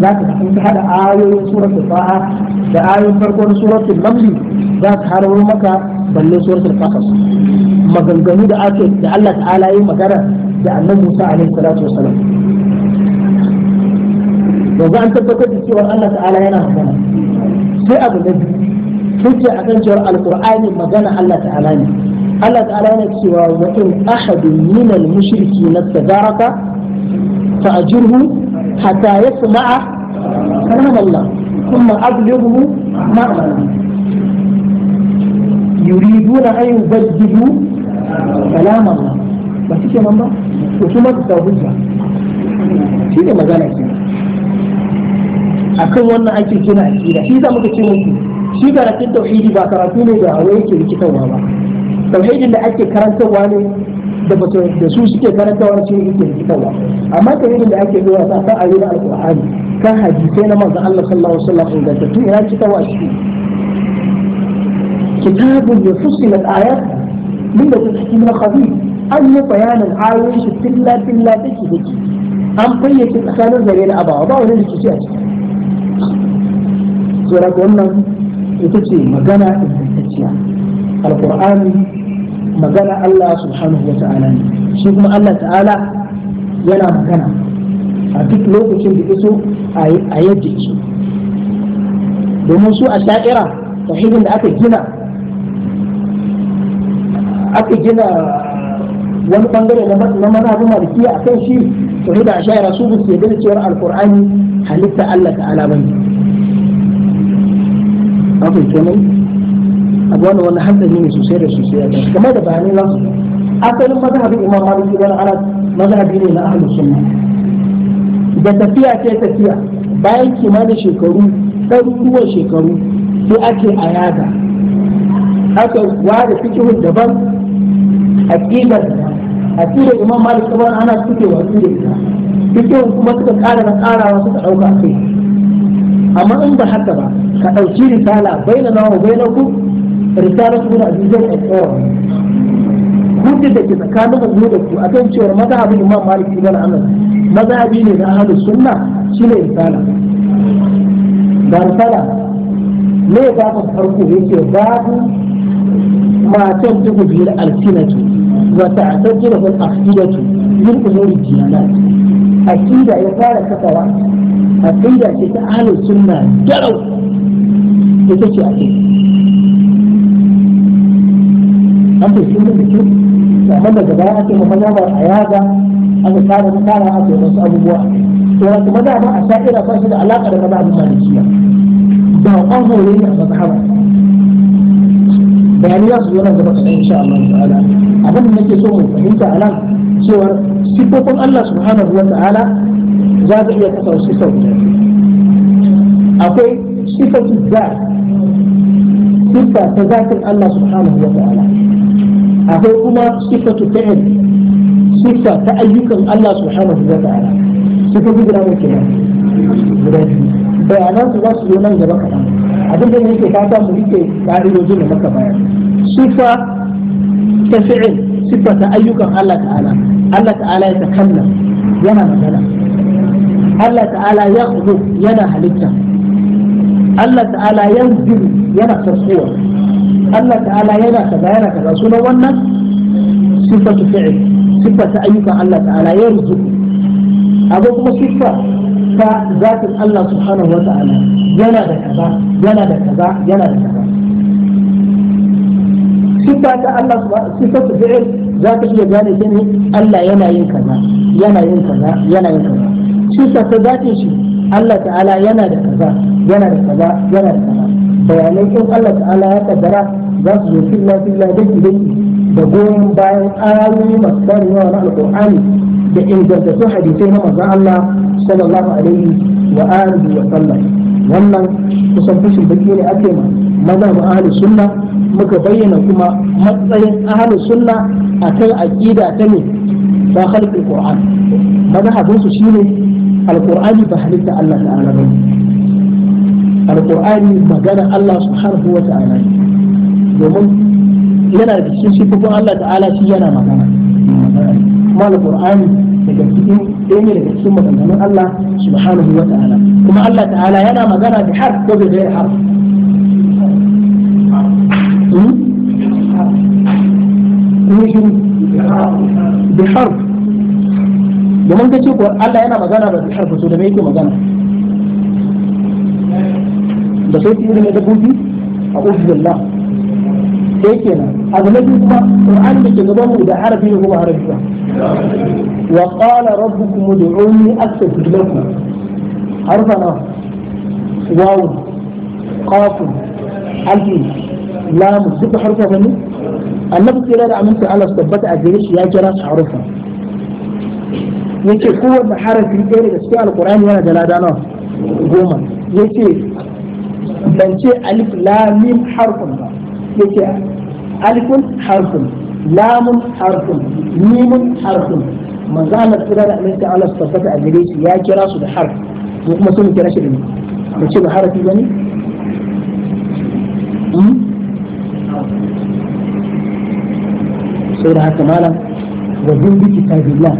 S1: za ka cikin ka hada ayoyin suratul fa'a da ayoyin farkon suratul namli za ka haro maka balle suratul qasas maganganu da ake da Allah ta'ala yi magana da annabi Musa alaihi salatu wasalam yanzu an tabbatar da cewa Allah ta'ala yana magana sai abu na biyu hujja akan cewa alqur'ani magana Allah ta'ala ne Allah ta'ala yana cewa wa in ahadun minal mushriki na tadaraka fa ajirhu hatta yasma'a kalam Allah thumma ablighu ma'ana yuriduna an yubaddilu kalam Allah ba shi kenan ba to kuma ta hujja shi ne magana akan wannan ake gina aqida shi za muka ce shi karatun tauhidi ba karatu ne da hawaye ke rikitawa ba tauhidin da ake karantarwa ne da ba da su suke karantawa su yake rikitarwa amma kamar da ake dora ta kan ayoyin alqur'ani kan hadisai na manzon Allah sallallahu alaihi wasallam ingantattu ina kitabwa shi kitabun yufassilat ayat min da take cikin khabir an yi bayanin ayoyin shi filla filla take take an fayyace tsakanin zare da abawa ba wani rikici a ciki sura wannan ita ce magana ingantacciya alqur'ani magana Allah subhanahu wa ta'ala ne shi kuma Allah ta'ala yana magana a duk lokacin da iso a yadda iso domin su a sha'ira tauhidin da aka gina aka gina wani bangare na manhajin malikiya a kan shi tauhidin a sha'ira su bisa yadda cewar alkur'ani halitta Allah ta'ala bane. abu wani wani hatsari ne sosai da sosai a kan kamar da bayanai za su asalin mazhabin imam malik ibn ana mazhabi ne na ahlus sunna da tafiya ce tafiya bayan kimanin shekaru ɗaruruwan shekaru sai ake a yada aka ware fikihun daban aqidar aqidar imam malik ibn ana suke watsi da ita fikihun kuma suka ƙara na ƙarawa suka ɗauka kai amma in ba haka ba ka ɗauki risala bainana wa ku. risalatu bin azizan al-qawi hujjar da ke tsakanin mu da ku akan cewar mazhabin imam malik ibn anas mazhabi ne na ahlus sunna shine risala da risala ne babin farko yake babu matan tuku biyar alfinatu wa ta'tajjira fil aqidatu min umuri diyanat aqida ya fara kafawa aqida ce ta ahlus sunna an fi sun da kyau amma daga baya ake ma maza ba a yaga aka tsara tsara aka wasu abubuwa to wato maza ba a sha'ira ba shi da alaƙa da maza abin malikiya ba an hore ne a mazhaba bayani ya su zo nan gaba kaɗan insha Allah ta'ala abin da nake so mu fahimta a nan cewa sifofin Allah subhanahu wa ta'ala za ta iya kasa wasu sau akwai sifatu da sifa ta zatin Allah subhanahu wa ta'ala akwai kuma sifatu ta'al sifa ta ayyukan Allah subhanahu wa ta'ala sifa guda mu kenan guda bayanan su za su zo nan gaba kaɗan abin da yake fata mu rike ƙa'idojin da muka bayar sifa ta fi'il sifa ta ayyukan Allah ta'ala Allah ta'ala ya takallam yana magana Allah ta'ala ya yana halitta Allah ta'ala yanzu yana sarsuwa Allah ta'ala yana kaza yana kaza sunan wannan sifatu fi'il sifatu ayyukan Allah ta'ala ya ruzuku akwai kuma siffa ta zatin Allah subhanahu wa ta'ala yana da kaza yana da kaza yana da kaza siffa ta Allah sifatu fi'il za ka iya gane ta ne Allah yana yin kaza yana yin kaza yana yin kaza siffa ta zatin shi Allah ta'ala yana da kaza yana da kaza yana da kaza bayanai in Allah ta'ala ya kaddara za su zo filla filla daki daki da goyon bayan ayoyi masu tarin yawa na alƙur'ani da ingantattun hadisai na manzon Allah sallallahu alaihi wa alihi wa sallam wannan kusan fushin baki ne ake ma mazhabin ahlus sunna muka bayyana kuma matsayin ahlus sunna akan aqida ta ne ta khalqul qur'an mazhabin su shine alqur'ani ba halitta Allah ta'ala ba alqur'ani magana Allah subhanahu wa ta'ala domin yana da cikin sifofin Allah ta'ala shi yana magana kuma alqur'ani daga cikin ɗaya ne daga cikin maganganun Allah subhanahu wa ta'ala kuma Allah ta'ala yana magana da har ko hmm?
S2: da ghairi da har,
S1: domin ka ce Allah yana magana ba da harfa to da me yake magana da sauki irin na dabbobi a ubillah sai kenan abu na biyu kuma qur'an da ke gaban mu da arabi ne kuma arabi ba wa qala rabbukum ud'uni astajib lakum harfa na waw qaf alif lam duk harfa bane annabi kira da aminta Allah tabbata a gare shi ya kira su harfa yace kowanne harafi ɗaya daga cikin alqur'ani yana da lada nawa goma yace ban ce alif lamim harfun ba yake alifun harfun lamun harfun mimun harfun manzo Allah tsira da Allah ta'ala su tabbata a gare shi ya kira su da harf ko kuma sun kira shi da ne ce ba harafi bane hmm? sai da haka malam wa bin bi kitabillah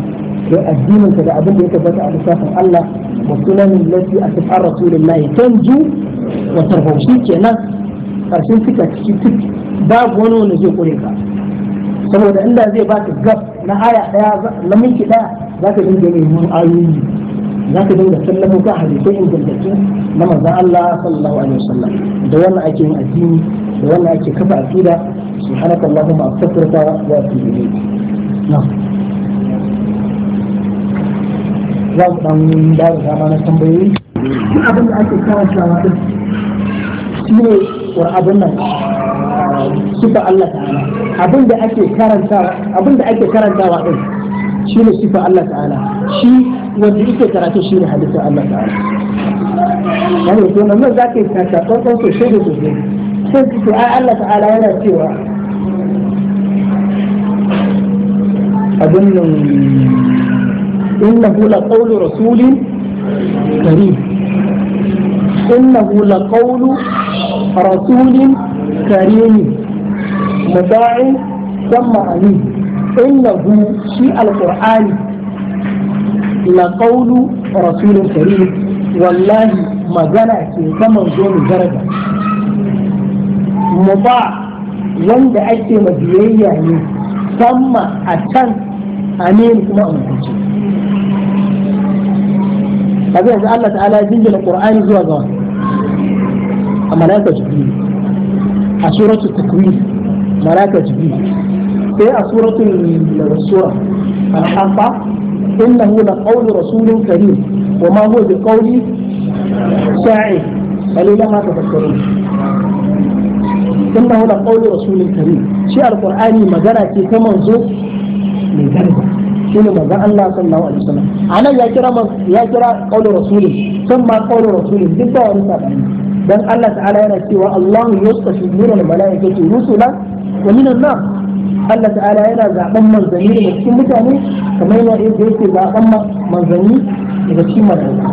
S1: kai addinin ka da abin da ya tabbata a lissafin Allah wa sunanin lati a tafarra rasulullahi tanju wa tarhum shi kenan karshen fita ciki duk babu wani wanda zai kure ka saboda inda zai baka gab na aya ɗaya na ɗaya, za ka dinga mun ayoyi ka dinga sallama ka hadisai ingantattu na manzon Allah sallallahu alaihi wasallam da wannan ake yin addini da wannan ake kafa aqida subhanaka allahumma astaghfiruka wa atubu ilayk za su dan dawo da dama na tambayoyi abin da ake karantawa din shi ne abun nan sifa Allah ta'ala abin da ake karantawa abin da ake karantawa din shi ne sifa Allah ta'ala shi wanda yake karatu shine ne hadisin Allah
S3: ta'ala wani to
S1: nan za ka yi tsakon sosai da sosai sai ce ai Allah ta'ala yana cewa abin nan innahu laqawlu rasulin karim innahu laqawlu رسول كريم مطاع ثم عليه إنه في القرآن لقول رسول كريم والله ما جنى كما زون الدرجه مطاع وند أي مبيئي يعني ثم أتن أمين كما أمين هذا yanzu تعالى ta'ala القرآن jingina Qur'ani a malaka jibril a suratu takwir malaka jibril sai a suratul sura al-hafa innahu la qawlu rasulin karim wa ma huwa bi qawli sha'ir qalilan ma tafakkarun innahu la qawlu rasulin karim shi alqur'ani magana ce ta manzo mai garba shine manzon Allah sallallahu alaihi wasallam anan ya kira ya kira qawlu rasulin san ma qawlu rasulin duk da wani sabani dan Allah ta'ala yana cewa Allahu yustafi min al-mala'ikati rusulan wa min an-nas Allah ta'ala yana zaben manzanni daga cikin mutane kamar yana yadda yake zaben manzanni daga cikin mala'ika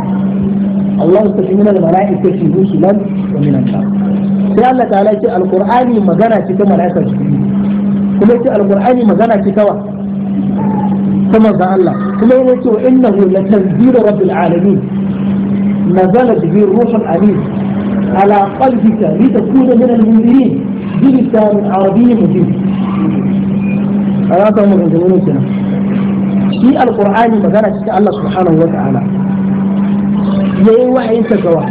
S1: Allah yustafi min al-mala'ikati rusulan wa min an-nas sai Allah ta'ala ya ce al-Qur'ani magana ce ta mala'ika kuma ya ce al-Qur'ani magana ce kawa. wa ta manzan Allah kuma yana cewa innahu latanzilu rabbil alamin nazala bihi ruhul amin على قلبك لتكون من المنذرين بلسان عربي مبين أنا أقول لك في القرآن مجانا الله سبحانه وتعالى yayi wa'ayinsa gawa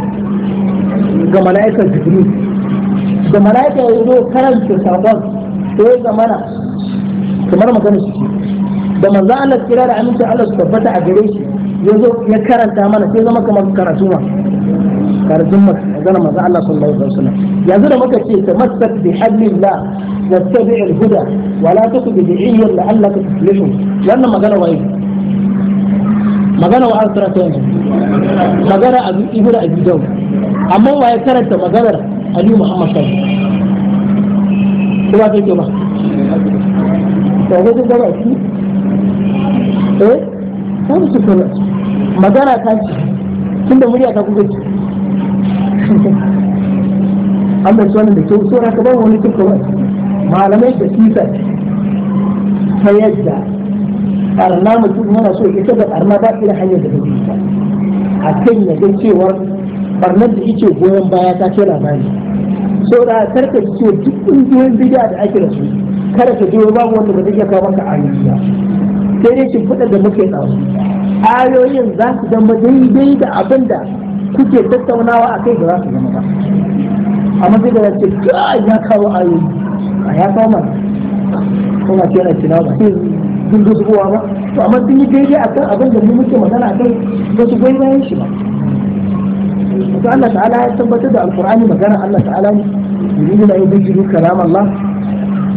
S1: ga mala'ikar jibril da mala'ika ya zo karanta sabon to ya zamana kamar magana su da manzo Allah kira da aminci Allah su tabbata a gare shi ya zo ya karanta mana sai zama kamar karatu ma karatun masa magana Allah sallallahu alaihi wasallam yanzu da muka ce tamassak bi hablillah wattabi' al-huda wa la tuqi bi da'iyyan la'allaka tuflihu wannan magana waye magana wa an karanta yanzu magana abu ibnu abi dawud amma waye karanta maganar ali muhammad sallallahu alaihi wasallam kuma ke ba to ga duk gaba shi eh kan su magana ta ce tunda murya ta kuka ce Allah ya wannan da kyau so ka ba wani tuka wani malamai da kisa ta yadda arna mutum yana so ita da arna ba irin hanyar da take ta a kan ya ga cewar barnar da yake goyon baya ta ce labari so da karka ce duk ƙungiyoyin bid'a da ake da su kada ka je babu wanda ba zai iya kawo maka ayoyi ba sai dai shi kuɗa da muke tsawo ayoyin za su zama daidai da abin da kuke tattaunawa a kai da za su zama ba amma sai da ya ce ya kawo ayoyi a ya kawo mana kuma ce na cinawa ba sai sun zo zuwa ba to amma sun yi daidai akan abin da mu muke magana akai ba su goyi bayan shi ba to Allah ta'ala ya tabbatar da alqur'ani magana Allah ta'ala ne yuriduna yudjiru kalam Allah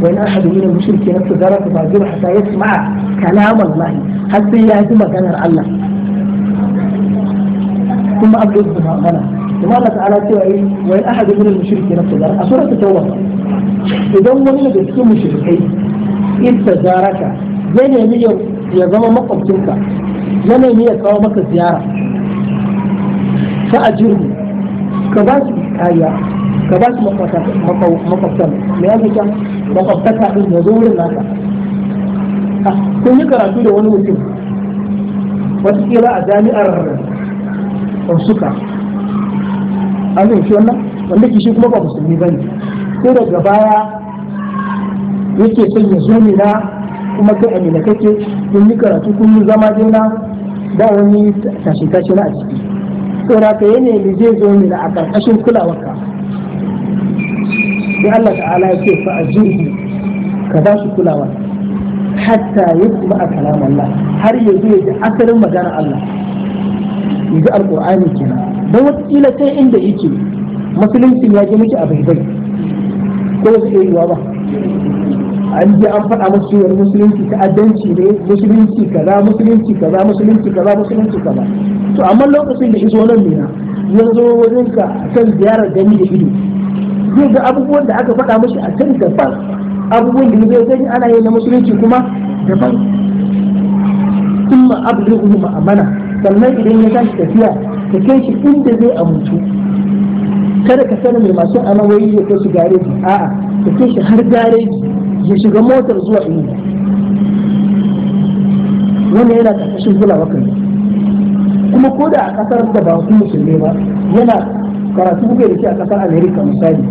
S1: wa in ahad min al-mushrikeena tadara fa hatta yasma'a kalam Allah har sai ya ji maganar Allah ثم أبعد بمعاملة ثم الله تعالى تيوعي إيه؟ وإن أحد من المشركين ابتدار أسورة التوبة إذا من لديك مشركين ابتدارك زي يعني يا زمان مقبتك زي يعني يا كومك زيارة فأجرني كباس كايا كباس مقبتك مقبتك لأنك مقبتك من يزور لك kun yi karatu da wani mutum wataƙila a jami'ar suka an shi wannan wanda ke shi kuma ba musulmi ba ne sai daga baya yake son ya zo ne na kuma kai amina kake kun yi karatu kun yi zama jina ba wani tashi tashi na a ciki Sai ka yi ne zai zo ne na a karkashin kulawarka sai Allah ta'ala ya ce fa ajirhi ka ba shi kulawa hatta a kalam Allah har ya zo ya asalin magana Allah ya ga alqur'ani kenan dan wataƙila sai inda yake musulunci ya ji miki a baibai ko su iya yiwa ba an je an faɗa musu cewar musulunci ta'addanci ne musulunci kaza musulunci kaza musulunci kaza musulunci kaza to amma lokacin da iso nan mina ya zo wajen ka kan ziyarar gani da ido zai ga abubuwan da aka faɗa mashi a kan daban abubuwan da zai gani ana yi na musulunci kuma daban kuma abdullahi ma'amana sannan idan ya tashi tafiya ka kai shi inda zai amintu kada ka sanin mai masu anawayi ya kai su a'a ka kai shi har gareji ya shiga motar zuwa inda wannan yana karkashin kulawa kan kuma ko da a kasar da ba ku musulmi ba yana karatu kuke da shi a kasar america misali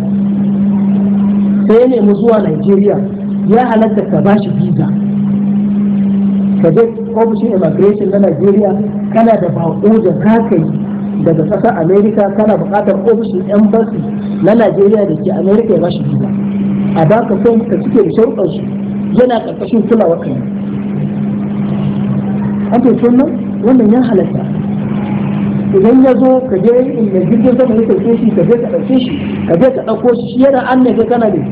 S1: sai ya nemi zuwa nigeria ya halatta ka ba shi visa ka je ofishin immigration na Najeriya kana da bako da ka kai daga ƙasar Amerika, kana buƙatar ofishin embassy na Najeriya da ke Amerika ya bashi visa a baka son ka cike da sharuɗan su yana ƙarƙashin kulawar kai an nan wannan ya halatta idan ya zo ka je inda jirgin sama ya ɗauke shi ka je ka ɗauke shi ka je ka ɗauko shi yana an ne kana ne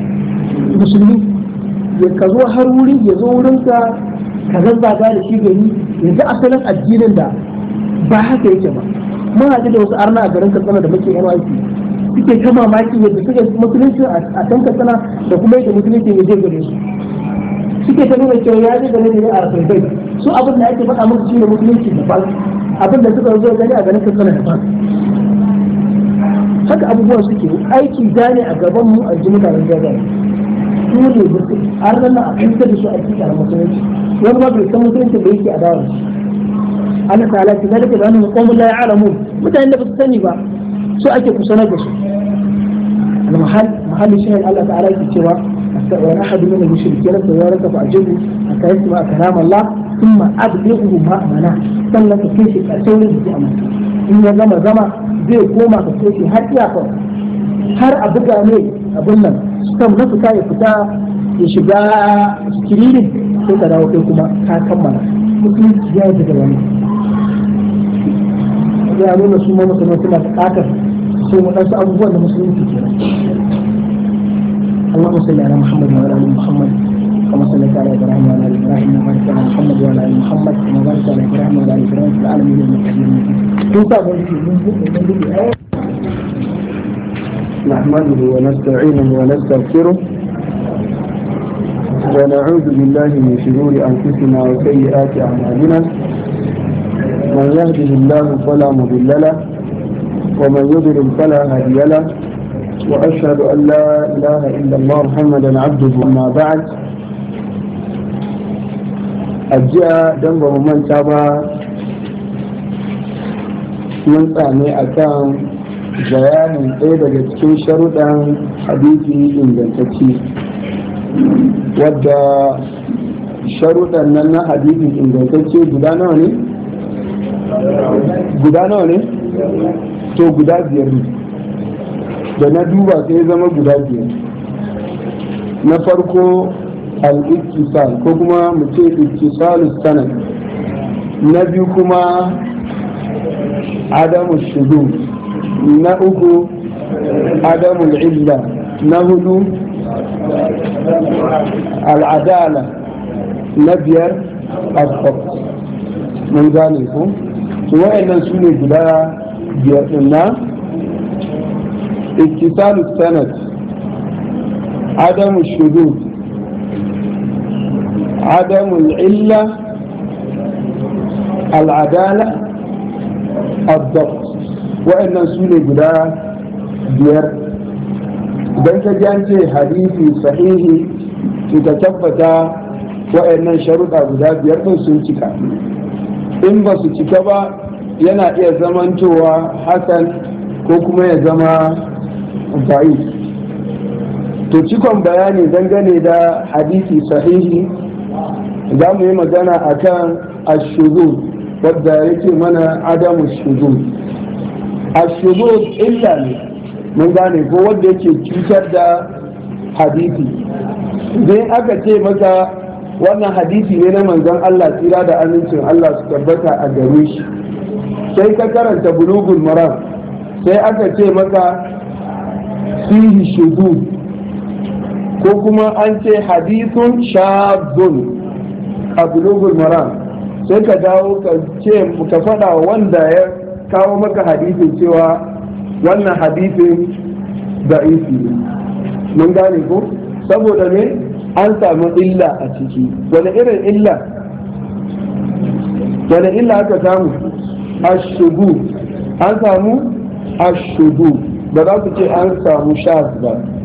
S1: musulmi ya ka zo har wuri ya zo wurinka ka zazzaga da shi gani yanzu asalin addinin da ba haka yake ba muna ji da wasu arna a garin katsina da muke NYC suke ta mamaki yadda suke musulunci a can katsina da kuma yadda musulunci ya je gare su suke ta nuna cewa ya je gare ne a rasulubai su abin da ake faɗa musu shine musulunci da fal abin da suka zo gani a garin katsina da fal haka abubuwan suke aiki gane a gaban mu a jimutanen jagar su ne arna na a kanka da su a cikin musulunci wani ma bai san mutuncin da yake a dawo Allah ta'ala ta zalika da annahum qawmun la ya'lamun mutanen da ba su sani ba su ake kusanar da su al-mahall mahalli shi ne Allah ta'ala ke cewa wa ahadu min al-mushrikeena fa yaraka fa ajibu hatta ba kalam Allah thumma ablighu ma amana sannan ka kai shi karshen rubutu amana in ya gama zama zai koma ka kai har har iyakar har a buga ne abin nan stam na fita ya fita ya shiga sikiririn sai ka dawo kai kuma ka kammala musulunci ya yi da wani ya nuna su ma musulmai suna buƙatar sai waɗansu abubuwan da musulunci ke اللهم صل على محمد وعلى ال محمد كما صليت على ابراهيم وعلى ال ابراهيم وبارك على محمد وعلى ال محمد كما باركت على ابراهيم وعلى ال ابراهيم في العالمين انك حميد مجيد
S2: نحمده ونستعينه ونستغفره ونعوذ بالله من شرور أنفسنا وسيئات أعمالنا من يهده الله فلا مضل له ومن يضلل فلا هادي له وأشهد أن لا إله إلا الله محمدا عبده أما بعد أجاء دنب من تابع من tsami akan بيان ɗaya daga cikin حديثي من ingantacce wadda sharuɗan nan na hadisin ingantacce guda nawa ne guda nawa ne to guda biyar ne da na duba sai zama guda biyar na farko al-ittisal ko kuma mu ce ittisalus sanad na biyu kuma adamu shudu na uku adamu illa na hudu العدالة نبيا الضبط من ذلك وإن سنة بلا بيئنا اتصال السند عدم الشذوذ عدم العلة العدالة الضبط وإن سنة بلا بير idan ka hadisi sahihi to ta tabbata wa'annan sharuɗa guda biyar ɗin sun cika in ba su cika ba yana iya zamantowa hasan ko kuma ya zama da'i to cikon bayani dangane da hadisi sahihi za mu yi magana akan ashuzuz wadda yake mana adamu shuzuz ashuzuz illa ne mun gane ko wanda yake cutar da hadisi idan aka ce masa wannan hadisi ne na manzon Allah tsira da amincin Allah su tabbata a gare shi sai ka karanta bulugul maram sai aka ce maka fihi shudu ko kuma an ce hadithun shadun a bulugul maram sai ka dawo ka ce ka faɗa wanda ya kawo maka hadisin cewa wannan hadisin da isi ne mun gane ko saboda me an samu illa a ciki wani irin illa wani illa aka samu ashubu an samu ashubu ba za ku ce an samu shaz ba